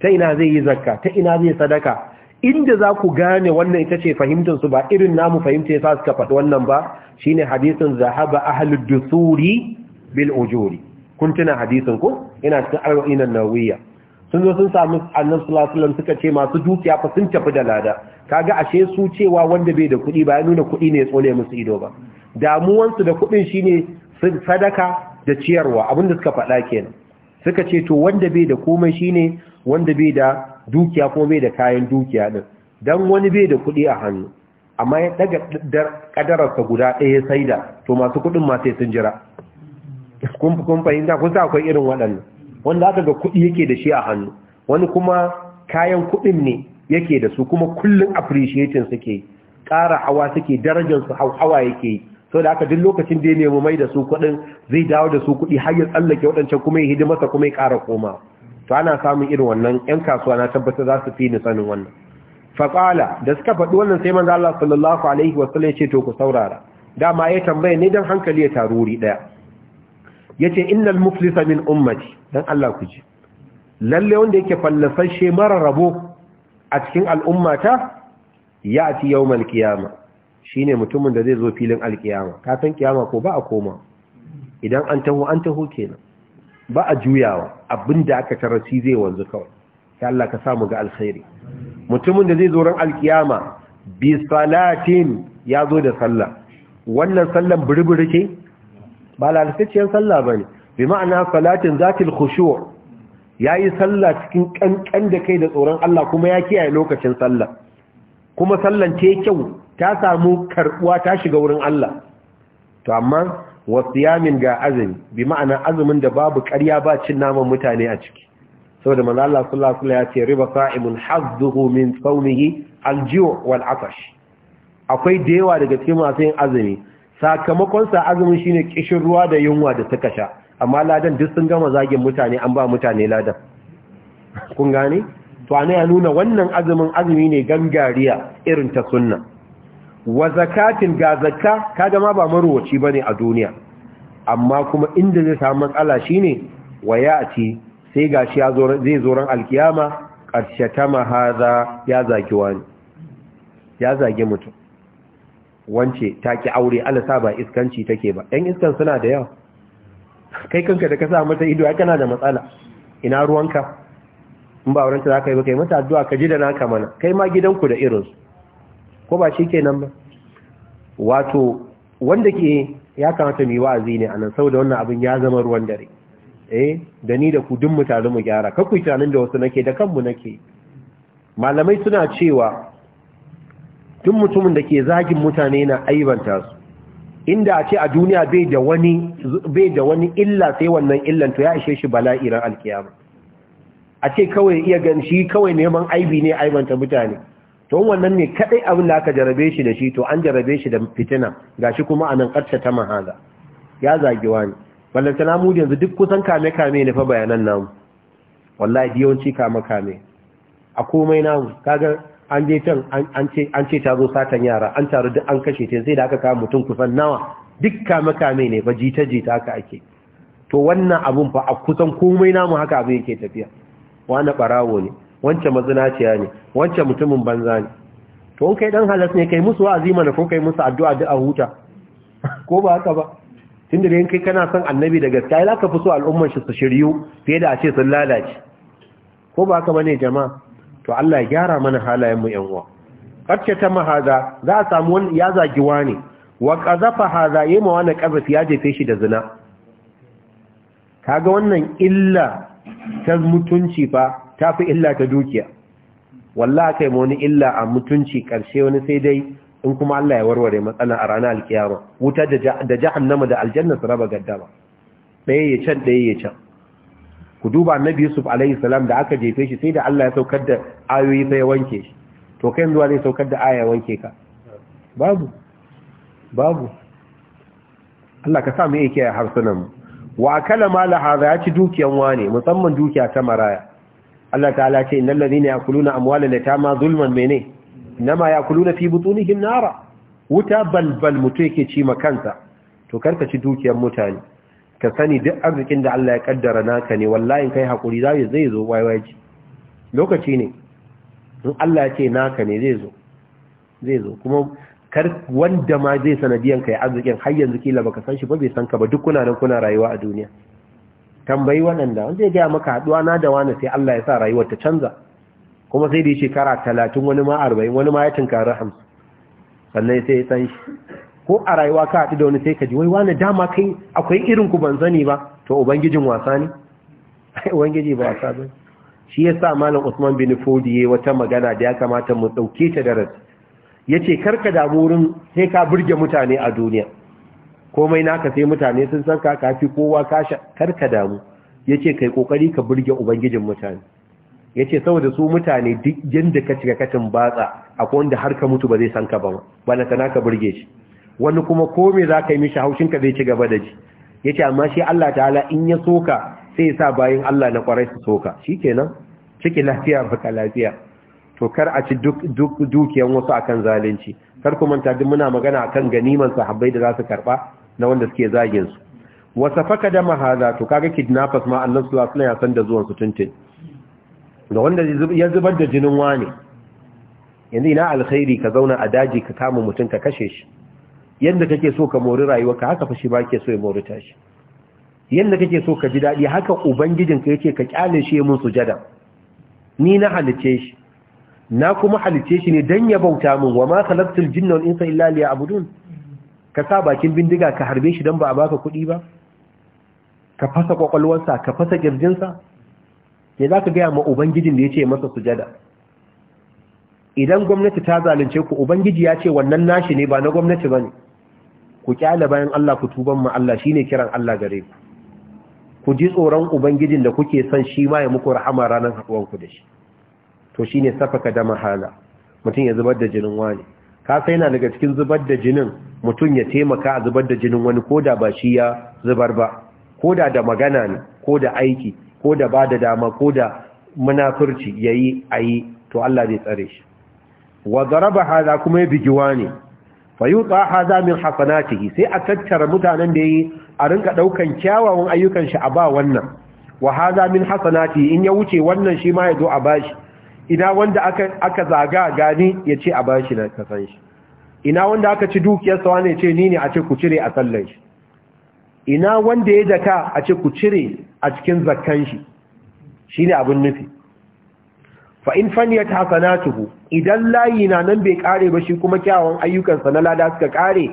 ta ina zai yi zakka ta ina zai sadaka inda za ku gane wannan ita ce fahimtar su ba irin namu fahimta yasa suka faɗi wannan ba shine hadisin zahaba ahlud dusuri bil ujuri kun tuna hadisin ku ina cikin arba'in an sun zo sun samu annabi sallallahu alaihi suka ce masu dukiya fa sun tafi da lada kaga ashe su cewa wanda bai da kuɗi ba ya nuna kuɗi ne ya tsole musu ido ba damuwansu da kudin shine sadaka da ciyarwa abinda suka faɗa kenan suka ce to wanda bai da komai shine wanda bai da dukiya kuma bai da kayan dukiya din dan wani bai da kudi a hannu amma ya daga ƙadararsa guda ɗaya sai da to masu kudin ma sai sun jira kun fahimta kun sa akwai irin waɗannan wanda aka ga kuɗi yake da shi a hannu wani kuma kayan kudin ne yake da su kuma kullum appreciating suke ƙara hawa suke darajar su hawa yake yi. sau da aka duk lokacin da ya nemi mai da su kuɗin zai dawo da su kuɗi har ya tsallake waɗancan kuma ya hidimarsa kuma ya ƙara koma to ana samun irin wannan ‘yan kasuwa na tabbata za su fi ni sanin wannan faƙala da suka faɗi wannan sai manzo Allah sallallahu alaihi wa sallam ce to ku saurara dama ya tambaye ne dan hankali ya taru wuri ɗaya yace innal muflisa min ummati dan Allah ku ji lalle wanda yake fallasashe mara rabo a cikin al'ummata ya ati yawmal qiyamah shine mutumin da zai zo filin alkiyama ka san kiyama ko ba a koma idan an taho an taho kenan ba a juyawa abinda aka tarasi zai wanzu kawai Ya Allah ka samu ga alkhairi mutumin da zai zo ran alkiyama bi salatin ya zo da sallah wannan sallan burburi ce ba lalatacciyar sallah bane bi ma'ana salatin zatil khushu' yayi sallah cikin ƙanƙan da kai da tsoron Allah kuma ya kiyaye lokacin sallah kuma sallan ce kyau ta samu karbuwa ta shiga wurin Allah to amma wasiyamin ga azumi bi ma'ana azumin da babu ƙarya ba cin naman mutane a ciki saboda manzo Allah sallallahu alaihi wasallam ya ce riba sa'imun hazzuhu min sawmihi aljiu wal atash akwai da yawa daga cikin masu yin azumi sakamakon sa azumin shine kishin ruwa da yunwa da suka sha amma ladan duk sun gama zagin mutane an ba mutane ladan kun gane to ana ya nuna wannan azumin azumi ne gangariya irin ta sunna wa zakatin ga zakka kaga ma ba ne bane a duniya amma kuma inda zai samu matsala shine wa ya'ti sai gashi ya zo zai zo ran alkiyama ta hadha ya zaki wani ya zage mutum wance take aure alasa ba iskanci take ba ɗan iskan suna da yawa kai kanka da ka sa mata ido ai kana da matsala ina ruwanka in ba wurin za ka yi ba kai mata addu'a ka ji da naka mana kai ma gidanku da irinsu ko ba shi kenan ba wato wanda ke ya kamata mai wa'azi ne a nan saboda wannan abin ya zama ruwan dare eh da ni da ku duk mutane mu gyara ka tunanin da wasu nake da kanmu nake malamai suna cewa duk mutumin da ke zagin mutane na aibanta su inda a ce a duniya bai da wani illa sai wannan illan to ya ishe shi bala ran alkiyama a ce kawai iya gan shi kawai neman aibi ne aibanta mutane don wannan ne kadai abin da aka jarabe shi da shi to an jarabe shi da fitina gashi kuma anan ƙarshe ta mahala ya zagi wani ballan salamu yanzu duk kusan kame kame ne fa bayanan namu wallahi yawanci kame kame a komai namu kaga an je can an ce an ce ta zo satan yara an taru duk an kashe ta sai da aka kama mutum kusan nawa duk kame kame ne ba jita jita haka ake to wannan abun fa a kusan komai namu haka abin yake tafiya wani barawo ne wancan mazinaciya ne wancan mutumin banza ne to kai dan halas ne kai musu wa'azi mana ko kai musu addu'a da a huta ko ba haka ba tunda da kai kana son annabi da gaskiya za ka fi so al'umman shi su shiryu fiye da a ce sun lalace ko ba haka bane jama'a to Allah ya gyara mana halayen mu yan uwa kacce ta mahaza za a samu wani ya zagi wani wa qazafa haza yema wani qazafi ya jefe shi da zina kaga wannan illa ta mutunci fa ta fi illa ta dukiya wallahi kai wani illa a mutunci karshe wani sai dai in kuma Allah ya warware matsalan a ranar alkiyama wuta da jahannama da aljanna su raba gaddama ɗaya ya can ɗaya ya can ku duba annabi yusuf alaihi salam da aka jefe shi sai da Allah ya saukar da ayoyi sai ya wanke shi to kai zuwa zai saukar da aya wanke ka babu babu Allah ka sa mu yake harsunan mu wa akala mala hadha ya ci dukiyan wane musamman dukiya ta maraya Allah ta'ala ce innal ladhina yakuluna ta yatama zulman mene nama yakuluna fi butunihim nara wuta balbal mutu yake ci kansa. to karka ci dukiyar mutane ka sani duk arzikin da Allah ya kaddara naka ne wallahi kai hakuri zai zai zo waiwaji lokaci ne in Allah ya ce naka ne zai zo zai zo kuma kar wanda ma zai sanadiyan kai arzikin har yanzu kila baka san shi ba bai san ka ba duk kuna nan kuna rayuwa a duniya tambayi waɗanda wanda ya gaya maka haɗuwa na da wani sai Allah ya sa rayuwar ta canza kuma sai da ya shekara talatin wani ma arba'in wani ma ya tunkari hamsin sannan sai ya san shi ko a rayuwa ka haɗu da wani sai ka ji wai wani dama kai akwai irin ku ban sani ba to ubangijin wasa ne ubangiji ba wasa ba shi ya sa malam usman bin fodi ya wata magana da ya kamata mu ɗauke ta darasi ya ce karka damu wurin sai ka burge mutane a duniya komai naka sai mutane sun san ka kafi kowa kar ka damu yace kai kokari ka burge ubangijin mutane yace saboda su mutane duk yanda ka cika katin batsa akwai wanda har ka mutu ba zai san ka ba bana kana ka burge shi wani kuma ko me zaka yi mishi haushin ka zai ci gaba da ji yace amma shi Allah ta'ala in ya soka sai ya sa bayin Allah na kwarai su soka shikenan ciki lafiya baka lafiya to kar a ci duk dukiyan wasu akan zalunci kar ku manta duk muna magana akan ganiman sahabbai da za su karba na wanda suke zagin su wasa faka da mahaza to kaga kidnappers ma Allah sallallahu alaihi wasallam ya san da zuwan su tuntun ga wanda ya zubar da jinin wani yanzu ina alkhairi ka zauna a daji ka kama mutum ka kashe shi yanda kake so ka mori rayuwarka haka fa shi ba ke so ya mori tashi yanda kake so ka ji dadi haka ubangijin ka yake ka kyale shi mun sujada ni na halice shi na kuma halice shi ne dan ya bauta min wa ma khalaqtul jinna wal insa illa liya'budun ka sa bakin bindiga ka harbe shi don ba a baka kuɗi ba ka fasa kwakwalwarsa ka fasa ƙirjinsa? ya za ka gaya ma ubangijin da ya ce masa sujada idan gwamnati ta zalunce ku ubangiji ya ce wannan nashi ne ba na gwamnati ba ne ku kyale bayan Allah ku tuban ma Allah shi ne kiran Allah gare ku ku ji tsoron ubangijin da kuke son shi ma ya muku rahama ranar haɗuwanku da shi to shi ne safaka da mahala mutum ya zubar da jinin wani ka sai na daga cikin zubar da jinin mutum ya taimaka a zubar da jinin wani koda ba shi ya zubar ba koda da magana ne koda aiki koda ba da dama koda munafurci yayi yi. to Allah zai tsare shi wa daraba hada kuma ya bigiwa ne fa yuta hada min hasanatihi sai a tattara mutanen da yi a rinka daukan kyawawan ayyukan shi a ba wannan wa hada min hasanati in ya wuce wannan shi ma ya zo a bashi ina wanda aka zaga gani ya ce a bashi na kasan shi ina wanda aka ci dukiyarsa wani ya ce ni ne a ce ku cire a sallan shi ina wanda ya daka a ce ku cire a cikin zakkan shi shi ne abin nufi fa in faniyat hasanatuhu idan layi na nan bai kare ba shi kuma kyawun ayyukansa na lada suka kare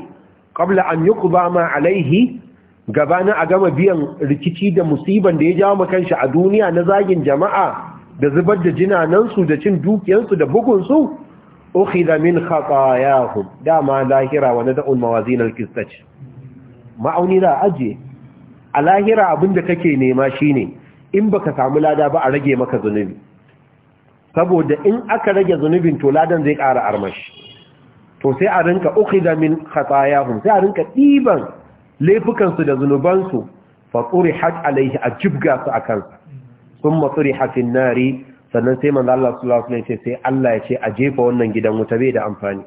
qabla an yuqba ma alaihi gabanin a gama biyan rikici da musiban da ya jawo ma shi a duniya na zagin jama'a da zubar da jinanansu da cin dukiyarsu da bugunsu ukhidha min khatayahum dama lahira wa nad'u mawazin al ma'auni da ajiye. a lahira abin da kake nema shine in baka samu lada ba a rage maka zunubi saboda in aka rage zunubin to ladan zai ƙara armashi to sai a rinka ukhidha min khatayahum sai a rinka diban laifukansu da zunubansu fa turihat alaihi a jibga su a kansa. Sun masu rihafin nari sannan sai manzan Allah su lafi ce sai Allah ya ce a jefa wannan gidan wuta bai da amfani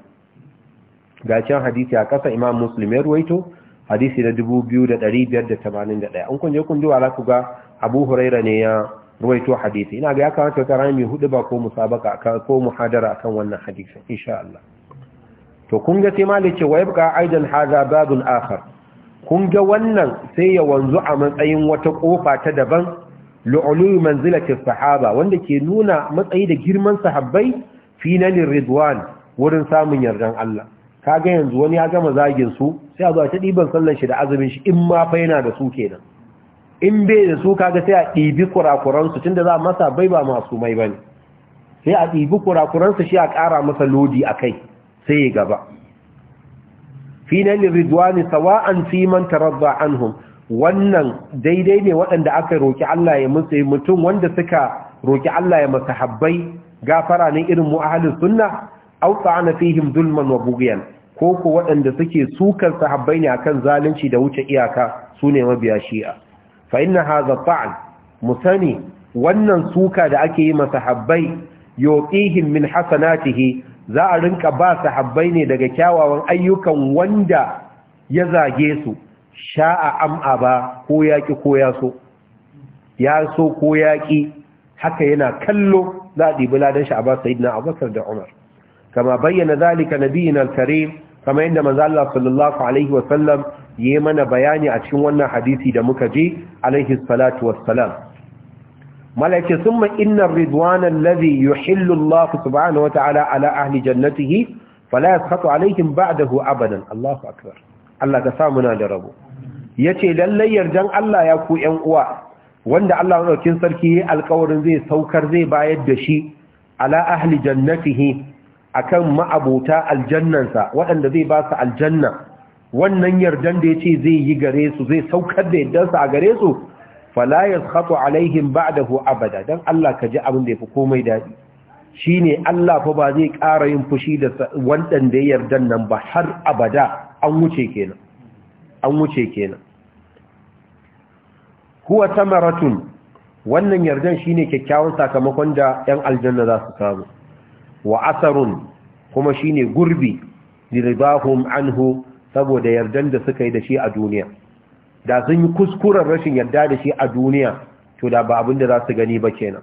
ga can hadisi a ƙasa Imam Muslim ya ruwaito hadisi na 2581 an kun je kun duwa ku ga Abu Huraira ne ya ruwaito hadisi ina ga ya kawo ka rami hudu ba ko musabaka ko muhadara akan wannan hadisi insha Allah to kun ga sai ce wa yabqa aidan hadha babun akhar kun ga wannan sai ya wanzu a matsayin wata ƙofa ta daban lu'ulu manzilatis sahaba wanda ke nuna matsayi da girman sahabbai fi nalin ridwan wurin samun yardan Allah kaga yanzu wani ya gama zagin su sai a a ta ɗiban sallan shi da azumin shi in ma fa yana da su kenan in bai da su kaga sai a ɗibi kurakuransu tunda za masa bai ba masu mai bane sai a ɗibi kurakuransu shi a ƙara masa lodi a kai sai ya gaba fi nalin ridwani sawa'an fi man taradda anhum wannan daidai ne waɗanda aka roƙi Allah ya musu mutum wanda suka roƙi Allah ya masa habbai gafara ne irin mu ahlus sunna aw ta'ana fihim zulman wa bughyan ko ko waɗanda suke sukar sahabbai ne akan zalunci da wuce iyaka sune mabiya shi'a fa inna hadha mu musani wannan suka da ake yi masa habbai yuqihim min hasanatihi za a rinka ba sahabbai ne daga kyawawan ayyukan wanda ya zage su sha'a am'a ba ko yaƙi ko ya so ya so ko yaƙi haka yana kallo za a ɗibi ladan shi a ba sayidina abubakar da umar kama bayyana zalika nabiyin alkarim kama yadda manzo sallallahu alaihi wa sallam yi mana bayani a cikin wannan hadisi da muka ji alaihi salatu wassalam malaike summa inna ridwana alladhi yuhillu Allah subhanahu wa ta'ala ala ahli jannatihi fala yasqatu alaihim ba'dahu abadan Allahu akbar Allah ka sa muna da rabo yace lallai yarjan Allah ya ku ƴan uwa wanda Allah ɗaukin sarki ya alƙawarin zai saukar zai bayar da shi ala ahli jannatihi akan ma'abota aljannansa waɗanda zai ba su aljanna wannan yardan da ya ce zai yi gare su zai saukar da yardansa a gare su fala yazkhatu alaihim ba'dahu abada dan Allah ka ji abin da yafi komai dadi shine Allah fa ba zai ƙara yin fushi da waɗanda yardan nan ba har abada an wuce kenan an wuce kenan huwa tamaratun wannan yardan shine kyakkyawan sakamakon da yan aljanna za su samu wa asarun kuma shine gurbi liridahum anhu saboda yardan da suka yi da shi a duniya da sun yi kuskuren rashin yarda da shi a duniya to da ba abin da za su gani ba kenan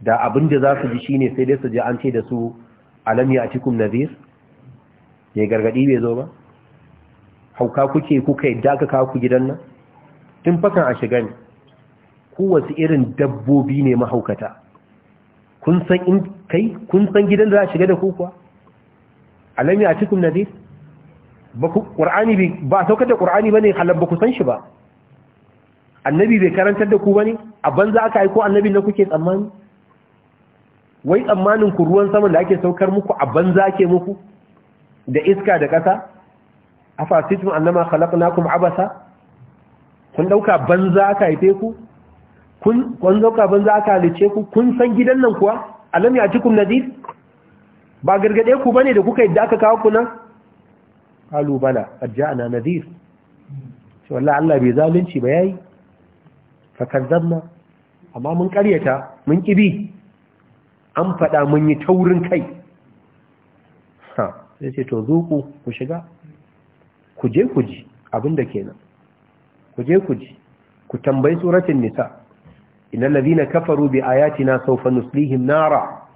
da abin da za su ji shine sai dai su ji an ce da su alam a cikum nadhir ya gargadi bai zo ba hauka kuke kuka yi daga kawo ku gidan nan tun fakan a shiga ne kowace irin dabbobi ne mahaukata kun san in kai kun san gidan da za a shiga da ku alami a cikin nadir ba ku ba saukar da ƙur'ani ba ne halar ba ku san shi ba annabi bai karantar da ku ba ne a banza aka aiko annabi na kuke tsammani wai tsammanin ku ruwan saman da ake saukar muku a banza ake muku da iska da ƙasa afa situm annama kuma abasa kun ban banza aka haife ku kun ɗauka ban banza aka halice ku kun san gidan nan kuwa alam ya kun nadir ba gargade ku bane da kuka yi da aka kawo ku nan qalu bala ana nadir shi wallah Allah bai zalunci ba yi? fakar kazzabna amma mun karyata mun ƙibi an faɗa mun yi taurin kai sai ce to zuku ku shiga ku je ku ji abinda kenan ku je ku ji ku tambayi suratul nisa innal ladhina kafaru bi ayatina sawfa nuslihim nara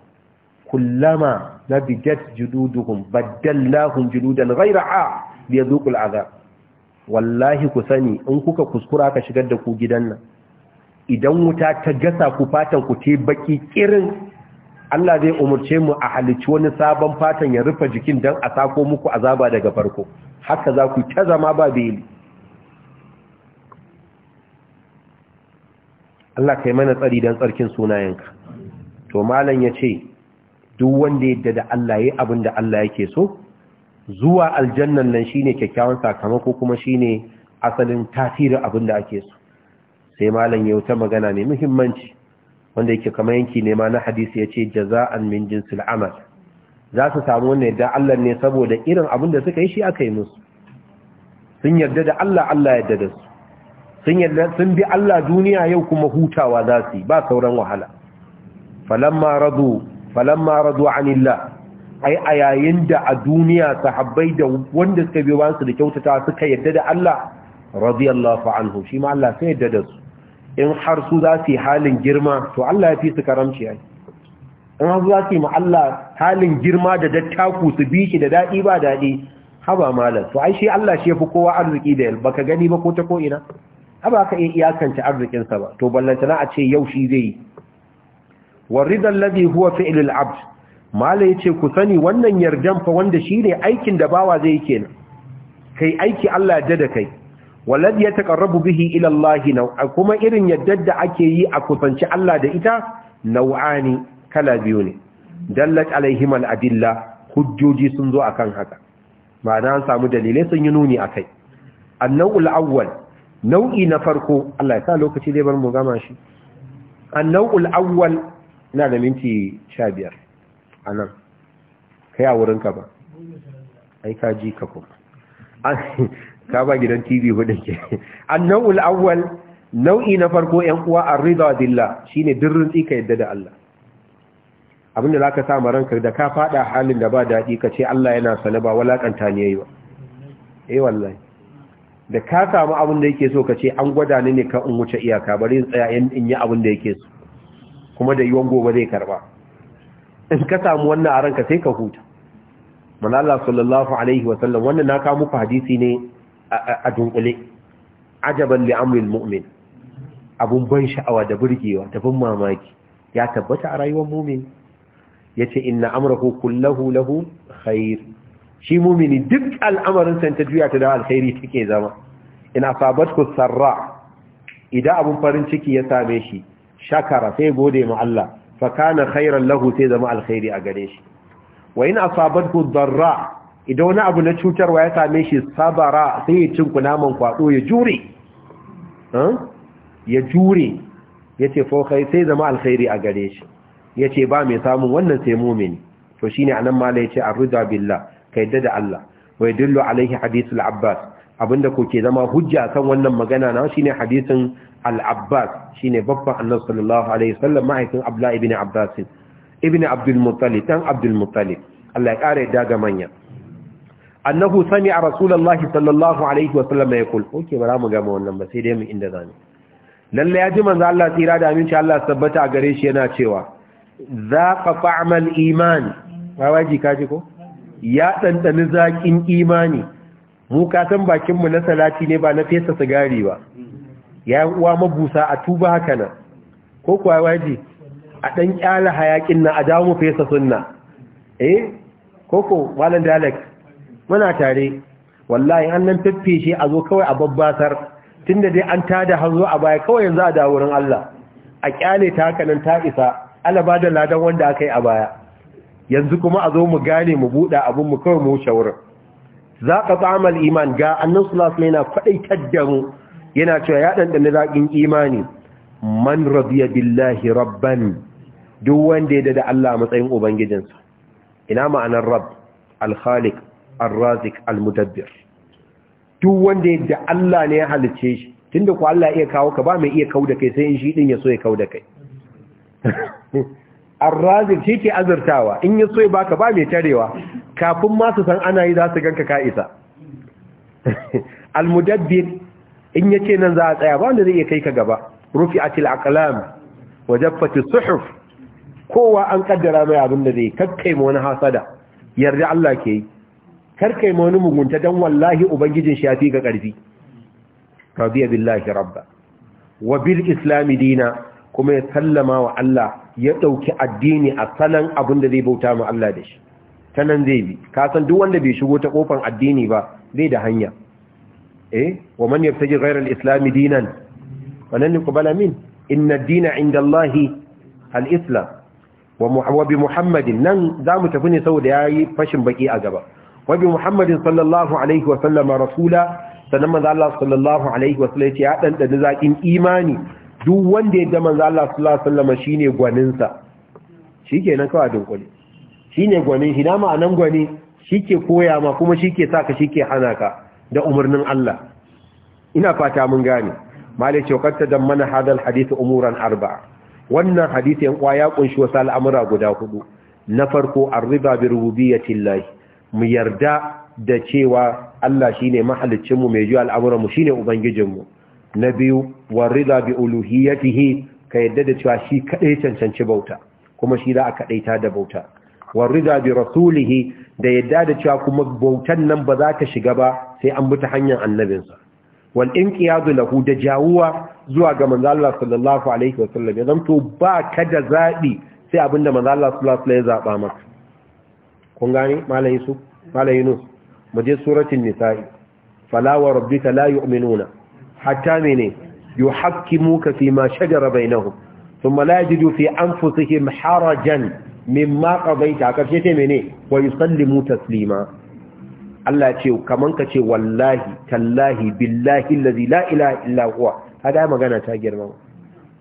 kullama nabijat jududuhum baddallahum juludan Biya liyadhuqul adhab wallahi ku sani in kuka kuskura ka shigar da ku gidan nan idan wuta ta gasa ku fatan ku te baki kirin Allah zai umarce mu a halicci wani sabon fatan ya rufe jikin don a sako muku azaba daga farko haka za ku ta zama ba beli Allah kai mana tsari don tsarkin sunayenka to malam ya ce duk wanda yadda da Allah ya abin da Allah yake so zuwa aljannan nan shine kyakkyawan sakamako kuma shine asalin tasirin abin da ake so sai malam ya ta magana ne muhimmanci wanda yake kamar yanki ne ma na hadisi ce jaza'an min jinsil amal za su samu wannan yadda Allah ne saboda irin abin da suka yi shi aka yi musu sun yarda da Allah Allah yarda da su sun yarda sun bi Allah duniya yau kuma hutawa za su ba sauran wahala falamma radu falamma radu anillah ai a yayin da a duniya sahabbai da wanda suka biyo bayan su da kyautata suka yarda da Allah radiyallahu anhu shi ma Allah sai yarda da su in har su za su yi halin girma to Allah ya fi su karamci yayi in har su za su yi ma Allah halin girma da dattaku su bi shi da daɗi ba daɗi haba malam to ai shi Allah shi yafi kowa arziki da yal baka gani ba ko ta ko ina haba ka iya iyakance arzikin sa ba to ballantana a ce yau shi zai yi warida ladi huwa fi'lul abd malai yace ku sani wannan yardan fa wanda shine aikin da bawa zai kenan kai aiki Allah ya da kai walad ya taqarrabu bihi ila nau'a kuma irin yadda da ake yi a kusanci Allah da ita nau'ani kala biyu ne dallat alaihim al-adilla hujjoji sun zo akan haka ma'ana an samu dalilai sun yi nuni akai an-naw'ul awwal nau'i na farko Allah ya sa lokaci mu gama shi awwal da minti 15 a wurin ka ba ka ji ka ka ba gidan tv hudu ke annawul awwal nau'i na farko yan uwa ar-ridha shi ne dirrin tsika yadda da Allah Abin da za ka samu ranka da ka fada halin da ba daɗi ka ce Allah yana sane ba walaƙanta ne yayi ba eh wallahi da ka samu abin da yake so ka ce an gwada ni ne ka in wuce iyaka bari in tsaya in yi abin da yake so kuma da yiwon gobe zai karba in ka samu wannan a ranka sai ka huta manzo Allah sallallahu alaihi wasallam wannan na ka muku hadisi ne a dunkule ajaban li mu'min abun ban sha'awa da burgewa da ban mamaki ya tabbata a rayuwar mumin yace inna amrahu kullahu lahu khair shi mumini duk al'amarin san ta juya ta da alkhairi take zama ina sabatku sarra idan abun farin ciki ya same shi shakara sai gode ma Allah fa kana khairan lahu sai zama alkhairi a gare shi wa in asabatku darra idan wani abu na cutarwa ya same shi sabara sai ya cin kunaman kwado ya jure ya jure ya ce fokai sai zama alkhairi a gare shi ya ce ba mai samun wannan sai mumini to shine anan mala ya ce arruda billah ka yadda da Allah wa yadullu alaihi hadithul abbas abinda kuke zama hujja kan wannan magana na shine hadisin al-abbas shine babban annabi sallallahu alaihi wasallam ma'aikin abdullah ibn abbas ibn abdul muttalib dan abdul muttalib Allah ya ƙara kare daga manya annahu a rasulullahi sallallahu alaihi wasallam ya kul oke bara mu gama wannan ba sai dai mu inda zane lalle ya ji manzo Allah tsira da aminci Allah tabbata a gare shi yana cewa zaqa fa'mal iman wawaji kaji ko ya dandani zakin imani mu ka san bakin mu na salati ne ba na fesa sigari ba ya uwa mabusa a tuba haka nan ko kuwa waji a dan kyala hayakin nan a dawo mu fesa sunna eh koko malam dalek muna tare wallahi an nan a zo kawai a babbasar tunda dai an tada hanzo a baya kawai yanzu a da wurin Allah a kyale ta haka nan ta isa Alaba ba da ladan wanda aka yi a baya yanzu kuma a zo mu gane mu buɗe abun mu kawai mu wuce wurin za ka tsamal iman ga annan sulasu yana kwaɗaitar da mu yana cewa ya ɗanɗana zaƙin imani man rabiya billahi rabban duk wanda ya da Allah matsayin ubangijinsa ina ma'anar rab khaliq ar-razik al-mudabbir duk wanda yadda Allah ne ya halice shi tunda ku Allah iya kawo ka ba mai iya da kai sai in shi din ya so ya da kai ar-razik shi ke azurtawa in ya so ya baka ba mai tarewa kafin ma su san ana yi za su ganka ka isa al-mudabbir in yace nan za a tsaya ba wanda zai iya kai ka gaba rufi'atil aqlam wajaffati suhuf kowa an kaddara mai abin da zai kakkai mu wani hasada yarda Allah ke yi karkai ma wani mugunta don wallahi ubangijin shafi ga ƙarfi radiya billahi rabba wa bil islami dina kuma ya sallama wa Allah ya ɗauki addini a salon abin da zai bauta ma Allah da shi ta nan zai bi kasan duk wanda bai shigo ta kofan addini ba zai da hanya eh wa man yabtaji ghayra al Islami dinan falan yuqbala min inna ad-dina 'inda Allah al-islam wa muhammadin nan zamu tafi ne saboda yayi fashin baki a gaba wa muhammadin sallallahu alaihi wa sallama rasula sannan manzo Allah sallallahu alaihi wa sallam ya dan dan zakin imani duk wanda ya da manzo Allah sallallahu alaihi wa sallama shine gwanin sa shikenan kawai dunkule shine gwanin shi dama anan gwani shike koya ma kuma shike saka shike hana ka da umarnin Allah ina fata mun gane malai ce da mana hadal hadith umuran arba'a wannan hadith yan ya kunshi wasu al'amura guda hudu na farko arriba bi rububiyyatillah mu yarda da cewa Allah ne mahaliccinmu mai juya al'amuranmu shine ubangijinmu na biyu warida bi uluhiyatihi ka yarda da cewa shi kadai cancanci bauta kuma shi za a ta da bauta warida bi rasulihi da yarda da cewa kuma bautan nan ba za ka shiga ba sai an bi hanyar annabinsa wal inqiyadu lahu da jawuwa zuwa ga manzo Allah sallallahu alaihi wasallam ya zamto ba ka da zabi sai abinda manzo Allah sallallahu alaihi ya zaɓa maka kun gani malam yusuf malam yunus mu je suratul nisa'i fala wa rabbika la yu'minuna hatta mene yuhaqqimuka fi ma shajara bainahum thumma la yajidu fi anfusihim harajan mimma qadaita karshe ce mene wa yusallimu taslima Allah ce kaman ka ce wallahi tallahi billahi allazi la ilaha illa huwa hada magana ta girma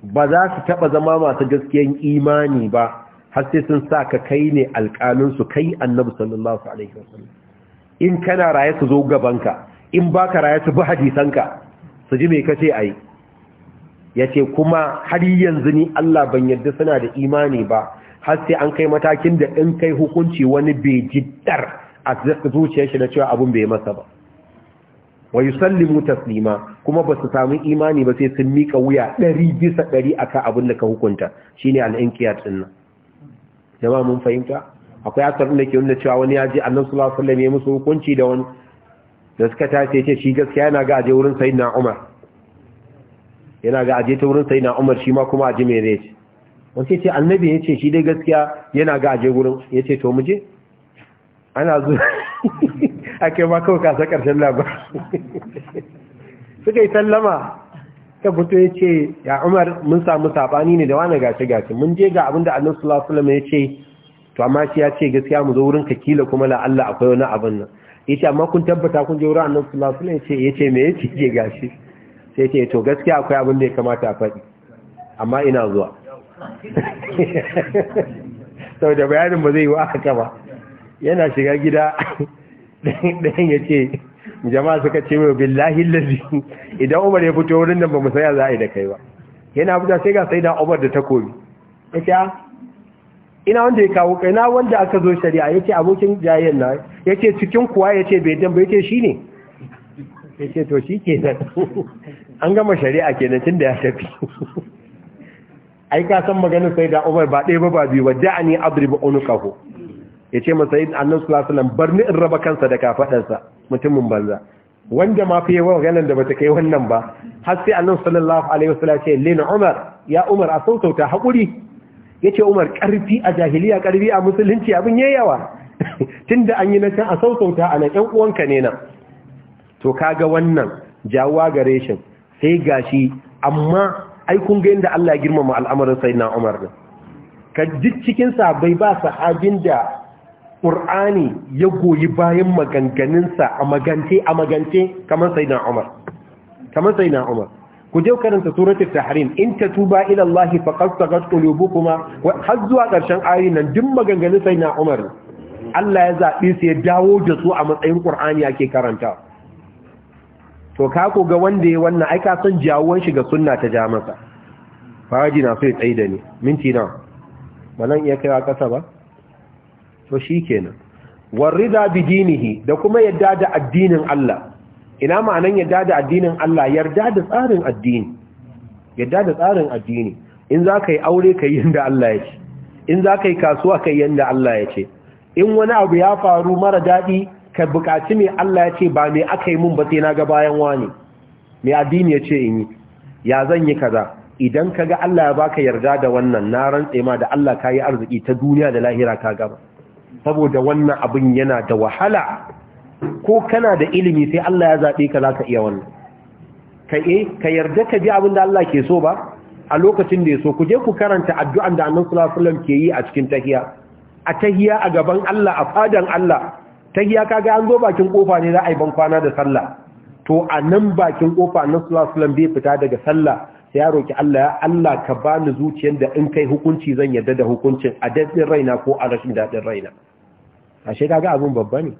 ba za su taba zama masu gaskiyan imani ba har sai sun sa ka kai ne alƙalin su kai annabi sallallahu alaihi wasallam in kana raye su zo gabanka in baka raye su bi hadisanka su ji me kace ayi yace kuma har yanzu ni Allah ban yarda suna da imani ba har sai an kai matakin da in kai hukunci wani bai jiddar a zuciyar shi na cewa abun bai masa ba wa yusallimu taslima kuma ba su samu imani ba sai sun mika wuya 100 bisa 100 akan abin da ka hukunta shine al-inqiyat din nan jama'a mun fahimta akwai asar da ke nuna cewa wani ya je annabi sallallahu alaihi wasallam ya musu hukunci da wani da suka tace ce shi gaskiya yana ga aje wurin sayyidina Umar yana ga aje ta wurin sayyidina Umar shi ma kuma aje mai reji. Wani ce annabi ce shi dai gaskiya yana ga aje wurin ya ce to mu je ana zuwa ake ma kawai kasa karshen labar suka yi sallama ta fito ya ce ya umar mun samu saɓani ne da wani gace-gace mun je ga abinda annan sulasulama ya ce to amma shi ya ce gaskiya mu zo wurin ka kila kuma Allah akwai wani abin nan ya ce amma kun tabbata kun je wurin annan sulasulama ya ce me ya ce ke gashi sai ce to gaskiya akwai abin da ya kamata a faɗi amma ina zuwa sau da bayanin ba zai yi wa aka ba yana shiga gida ɗayan ya ce jama'a suka ce mai billahi lalli. idan umar ya fito wurin nan ba mu saya za a yi da kai ba yana fita sai ga sai da umar da takobi ya ce ah, ina wanda ya kawo kai na wanda aka zo shari'a ya ce abokin jayen na ya ce cikin kuwa ya ce bai damba ya ce shi ne ya ce to shi kenan an gama shari'a kenan tun da ya tafi ai ka san maganin sai da umar ba ɗaya ba ba biyu ba da'ani adrib kahu. ya ce masa yin annan sulasulan bar ni in raba kansa da kafaɗansa mutumin banza wanda ma fiye ganin da bata kai wannan ba har sai annan sallallahu alaihi wasallam ce lina umar ya umar a sautauta haƙuri ya ce umar karfi a jahiliya ƙarfi a musulunci abin ya yawa tun da an yi na can a sautauta a nan ƴan uwanka ne nan to ka ga wannan jawuwa gare shi sai gashi amma ai kun ga yadda Allah ya girmama al'amarin sayyidina umar din ka duk cikin bai ba sahabin da ƙur'ani ya goyi bayan maganganunsa a magance a magance kamar na Umar kamar na Umar ku je karanta suratul tahrim in tatuba ila Allah qad sagat qulubukuma har zuwa ƙarshen ayi nan duk sai na Umar Allah ya zaɓi su ya dawo da su a matsayin ƙur'ani ake karanta to ka ko ga wanda ya wannan ai ka san jawon shi ga sunna ta jama'a fa na so ya tsaye da ni minti nawa ba nan iya kaiwa ƙasa ba to shi shikenan warida bidinihi da kuma yadda da addinin Allah ina ma'anan yadda da addinin Allah yarda da tsarin addini yadda da tsarin addini in za ka yi aure ka yi yadda Allah ya ce in za ka yi kasuwa ka yi yadda Allah ya ce in wani abu ya faru mara daɗi ka buƙaci mai Allah ya ce ba mai aka yi mun ba sai na ga bayan wani mai addini ya ce in yi ya zan yi kaza idan ka ga Allah ya baka yarda da wannan na rantse ma da Allah ka yi arziki ta duniya da lahira ka gaba saboda wannan abin yana da wahala ko kana da ilimi sai Allah ya zaɓe ka za ka iya wannan ka eh, ka yarda ka bi abin da Allah ke so ba a lokacin da ya so ku je ku karanta addu'an da annabi sallallahu alaihi ke yi a cikin tahiya a tahiya a gaban Allah a fadan Allah tahiya kaga an zo bakin kofa ne za a yi ban kwana da sallah to a nan bakin kofa annabi sallallahu alaihi bai fita daga sallah sai ya roki Allah ya Allah ka bani zuciyar da in kai hukunci zan yarda da hukuncin a daɗin raina ko a rashin daɗin raina ashe kaga abun babba ne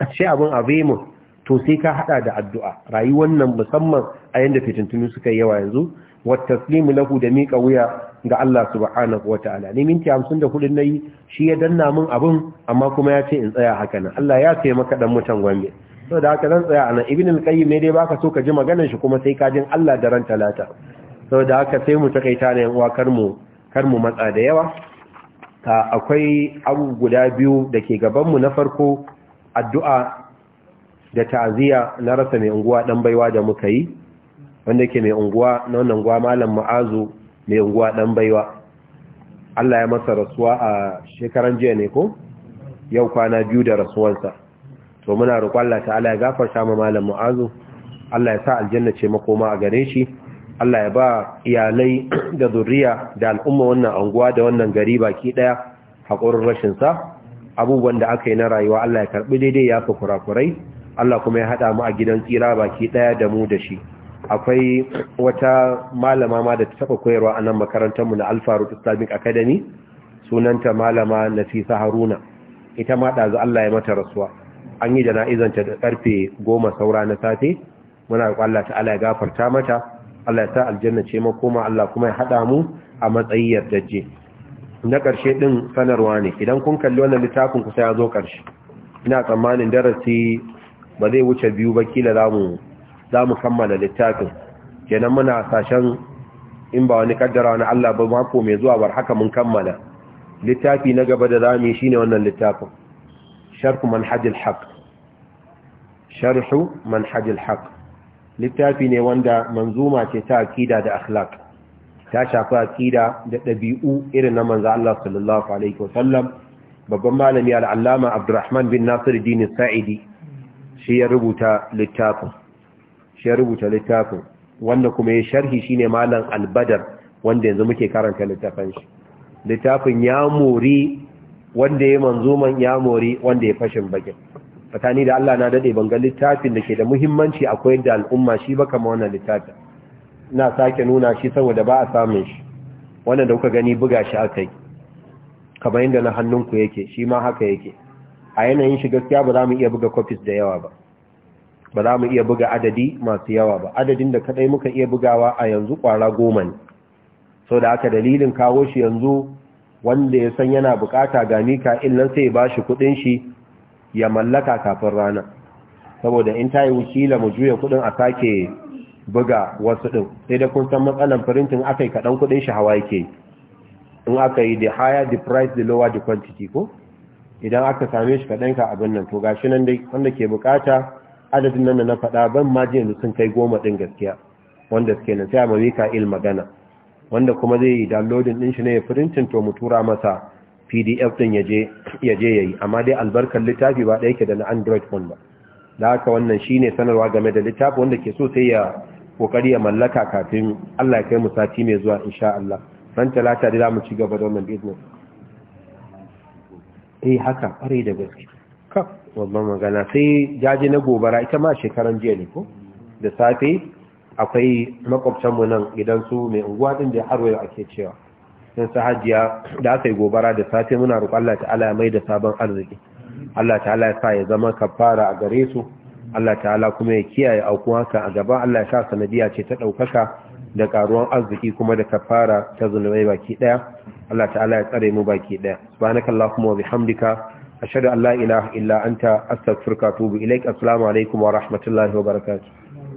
ashe abun azimu to sai ka hada da addu'a rayuwar nan musamman a yanda fitintunu suka yi yawa yanzu wa taslimu lahu da mika wuya ga Allah subhanahu wataala ni minti 54 nayi shi ya danna mun abun amma kuma ya ce in tsaya haka nan Allah ya ce maka dan mutan gombe so da haka zan tsaya anan ibn al-qayyim ne dai baka so ka ji maganar shi kuma sai ka jin Allah da talata so da haka sai mu takaita ne yan uwa karmu matsa da yawa akwai abu guda biyu da ke gabanmu na farko addu'a da ta'aziyya na rasa mai unguwa ɗan baiwa da muka yi wanda ke mai unguwa na wannan unguwa malam ma'azu mai unguwa ɗan baiwa Allah ya masa rasuwa a shekaran jiya ne ko yau kwana biyu da rasuwansa to muna roƙon Allah ta'ala ya gafarta ma malam ma'azu Allah ya sa aljanna ce makoma a gare shi Allah ya ba iyalai da zuriya da al'umma wannan anguwa da wannan gari baki daya hakurin rashin sa abubuwan da aka yi na rayuwa Allah ya karbi daidai ya fi kurakurai Allah kuma ya haɗa mu a gidan tsira baki daya da mu da shi akwai wata malama ma da ta taba koyarwa a nan makarantar mu na Alfaru Islamic Academy sunanta malama Nafisa Haruna ita ma ɗazu Allah ya mata rasuwa an yi jana'izanta da karfe goma saura na safe muna roƙon Allah ta'ala ya gafarta mata Allah ya sa aljanna ce makoma Allah kuma ya haɗa mu a matsayi yardajje na ƙarshe din sanarwa ne idan kun kalli wannan littafin kusa, ya zo ƙarshe ina tsammanin darasi ba zai wuce biyu ba kila zamu kammala littafin kenan muna sashen in ba wani kaddara wani Allah ba mako mai zuwa bar haka mun kammala littafi na gaba da zamu shine wannan littafin Sharhu manhajil haƙ. littafi ne wanda manzuma ce ta akida da akhlaq ta shafi akida da ɗabi'u irin na manzo Allah sallallahu alaihi wasallam babban malami al-allama Abdurrahman bin Nasir Dini Sa'idi shi ya rubuta littafin shi ya rubuta littafin wanda kuma ya sharhi shine malam al-Badar wanda yanzu muke karanta littafin shi littafin ya mori wanda ya manzuman ya mori wanda ya fashin bakin tsakani da Allah na dade ban ga littafin da ke da muhimmanci akwai da al'umma shi ba kama wannan littafin ina sake nuna shi saboda ba a samun shi wannan da kuka gani buga shi aka yi kamar yadda na hannunku yake shi ma haka yake a yanayin shi gaskiya ba za mu iya buga kofis da yawa ba ba za mu iya buga adadi masu yawa ba adadin da kadai muka iya bugawa a yanzu kwara goma ne sau da aka dalilin kawo shi yanzu wanda ya san yana bukata ga mika illan sai ya ba shi kudin shi ya mallaka kafin rana saboda in ta yi wukila mu juya kudin a sake buga wasu ɗin. sai da kun san matsalan printin aka yi kaɗan kudin shi hawa yake in aka yi the higher the price the lower the quantity ko idan aka same shi kaɗan ka abin nan to gashi nan dai wanda ke bukata adadin nan na faɗa ban ma je sun kai goma ɗin gaskiya wanda suke nan sai a mawika il magana wanda kuma zai yi downloading ɗin shi ne firintin, to mu tura masa pdf din yaje yaje yayi amma dai albarkar littafi ba ɗaya ke da na android phone ba da haka wannan shine sanarwa game da littafi wanda ke so sai ya kokari ya mallaka kafin Allah ya kai mu sati mai zuwa insha Allah ran talata da mu ci gaba da wannan business eh haka kware da gaske ka magana sai jaji na gobara ita ma shekaran jiya ne ko da safe akwai makwabtan nan gidan su mai unguwa din da harwaye ake cewa sa hajjiya da aka yi gobara da safe muna roƙon Allah ta'ala ya mai da sabon arziki Allah ta'ala ya sa ya zama kafara a gare su Allah ta'ala kuma ya kiyaye aukuwa haka a gaba Allah ya sa sanadiya ce ta ɗaukaka da ƙaruwan arziki kuma da kafara ta zunubai baki ɗaya Allah ta'ala ya tsare mu baki ɗaya subhanakallahumma wa bihamdika ashhadu an la ilaha illa anta astaghfiruka wa atubu ilaik assalamu alaikum wa rahmatullahi wa barakatuh